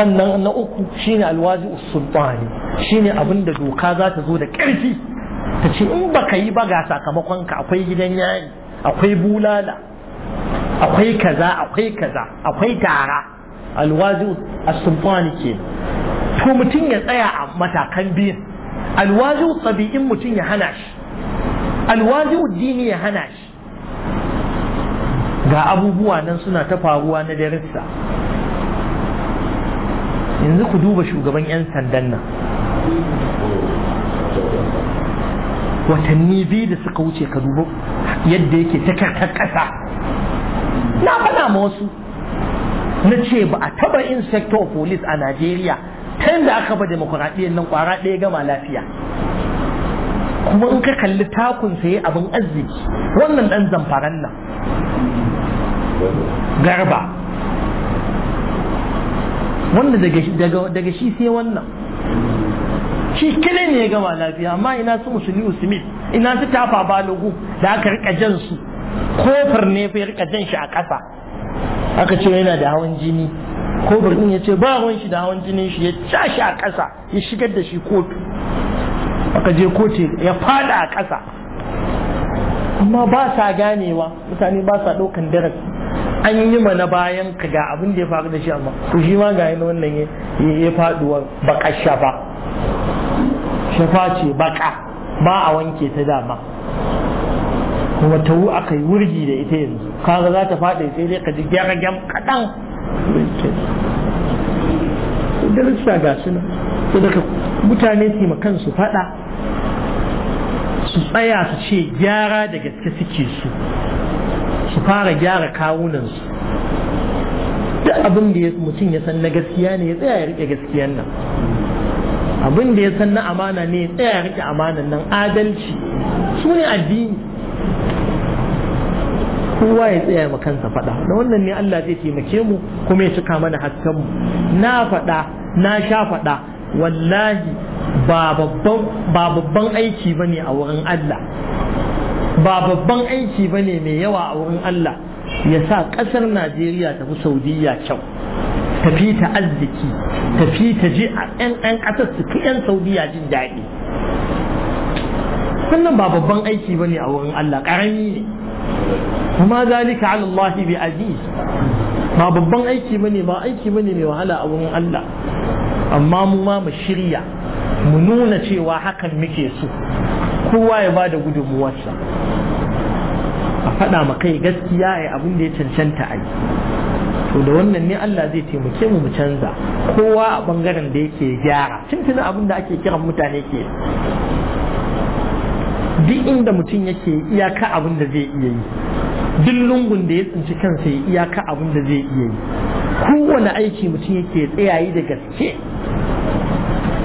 sannan na uku shine alwazi Shi shine abinda doka za ta zo da ƙarfi ta ce in baka yi ba ga sakamakon ka akwai gidan yayi akwai bulala akwai kaza akwai kaza akwai tara alwazi usultani ke to mutum ya tsaya a matakan biyu alwazi tabi'in mutum ya hana shi alwazi dini ya hana shi ga abubuwa nan suna ta faruwa na darissa yanzu ku duba shugaban 'yan sandan nan watanni biyu da suka wuce ka duba yadda yake ta ƙasa na faɗa ma wasu na ce ba a taɓa inspector police a najeriya tun da aka ba demokuraɗiyyar nan ƙwara ɗaya gama lafiya kuma in ka kalli takun sai abin arziki wannan ɗan zamfaran nan garba wanda daga shi sai wannan shi kine ne ya gama lafiya amma ina su musulmi ina su tafa balogu da aka rika jan su kofar ne fa rika jan shi a ƙasa aka ce yana da hawan jini kofar din ya ce ba hawan shi da hawan jinin shi ya ca a ƙasa ya shigar da shi kotu aka je kotu ya fada a ƙasa amma ba sa ganewa mutane ba sa ɗaukan darasi an yi mana bayan ka ga abin da ya faru da shi amma to shi ma ga yana wannan ya yi faduwar baka shafa shafa ce baka ba a wanke ta dama kuma ta wu aka yi wurgi da ita yanzu kaga za ta faɗi sai dai ka ji gyaragyan kaɗan darussa ga su nan daga mutane su ma kansu faɗa su tsaya su ce gyara da gaske suke su su fara gyara kawunansu duk abin da mutum ya san na gaskiya ne ya tsaya ya rike gaskiyan nan abin da ya san na amana ne ya tsaya ya rike amanan nan adalci su ne addini kowa ya tsaya ma kansa faɗa da wannan ne Allah zai taimake mu kuma ya cika mana hasken mu na faɗa na sha faɗa wallahi ba babban aiki ba ne a wurin Allah ba babban aiki ba ne mai yawa a wurin Allah ya sa ƙasar Najeriya tafi Saudiyya kyau tafi ta arziki tafi ta ji a 'yan ƙasar su fi 'yan Saudiyya jin daɗi wannan ba babban aiki ba ne a wurin Allah ƙarami ne kuma zalika ala Allah bi aziz ba babban aiki ba ne ba aiki ba ne mai wahala a wurin Allah amma mu ma mu shirya mu nuna cewa hakan muke so kowa ya ba da gudunmuwarsa a faɗa ma kai gaskiya ya abin da ya cancanta a yi to da wannan ne Allah zai taimake mu mu canza kowa a bangaren da yake gyara tuntuna abin da ake kiran mutane ke duk inda mutum yake iyaka abin da zai iya yi duk lungun da ya tsinci kansa ya iyaka abin da zai iya yi kowane aiki mutum yake tsayayi da gaske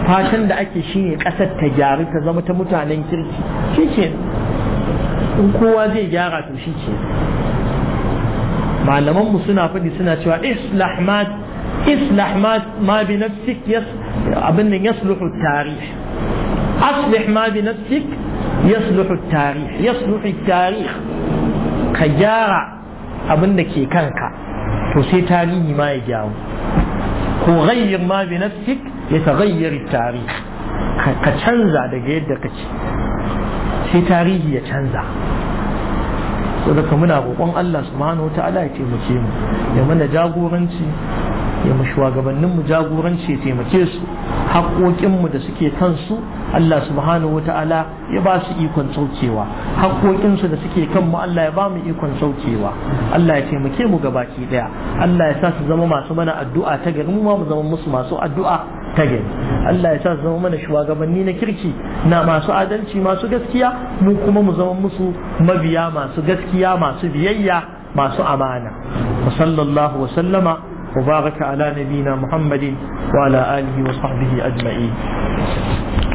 fashin da ake shine kasar ta gyaru ta zama ta mutanen kirki shi in kowa zai gyara to shi ke malaman mu suna faɗi suna cewa islah ma islah ma ma bi nafsik yas abin nan yasluhu tarih aslih ma bi nafsik yasluhu tarih yasluhu tarih ka gyara abin da ke kanka to sai tarihi ma ya gyaru ko ghayyir ma bi nafsik ya taghayyar tarih ka canza daga yadda kace sai tarihi ya canza saboda muna roƙon Allah subhanahu wa ta'ala ya taimake mu ya mana jagoranci ya shugabannin mu jagoranci ya taimake su haƙoƙinmu da suke kan su Allah subhanahu wata'ala ya ba su ikon saukewa haƙoƙinsu da suke kanmu Allah ya ba mu ikon saukewa Allah ya taimake mu gabaki daya Allah ya sa su zama masu mana addu'a ta gari mu ma mu zama musu masu addu'a ta gari. Allah ya sa su zama mana shugabanni na kirki na masu adalci masu gaskiya mu kuma mu zama musu mabiya masu gaskiya masu biyayya masu amana wa sallallahu wa وبارك على نبينا محمد وعلى آله وصحبه أجمعين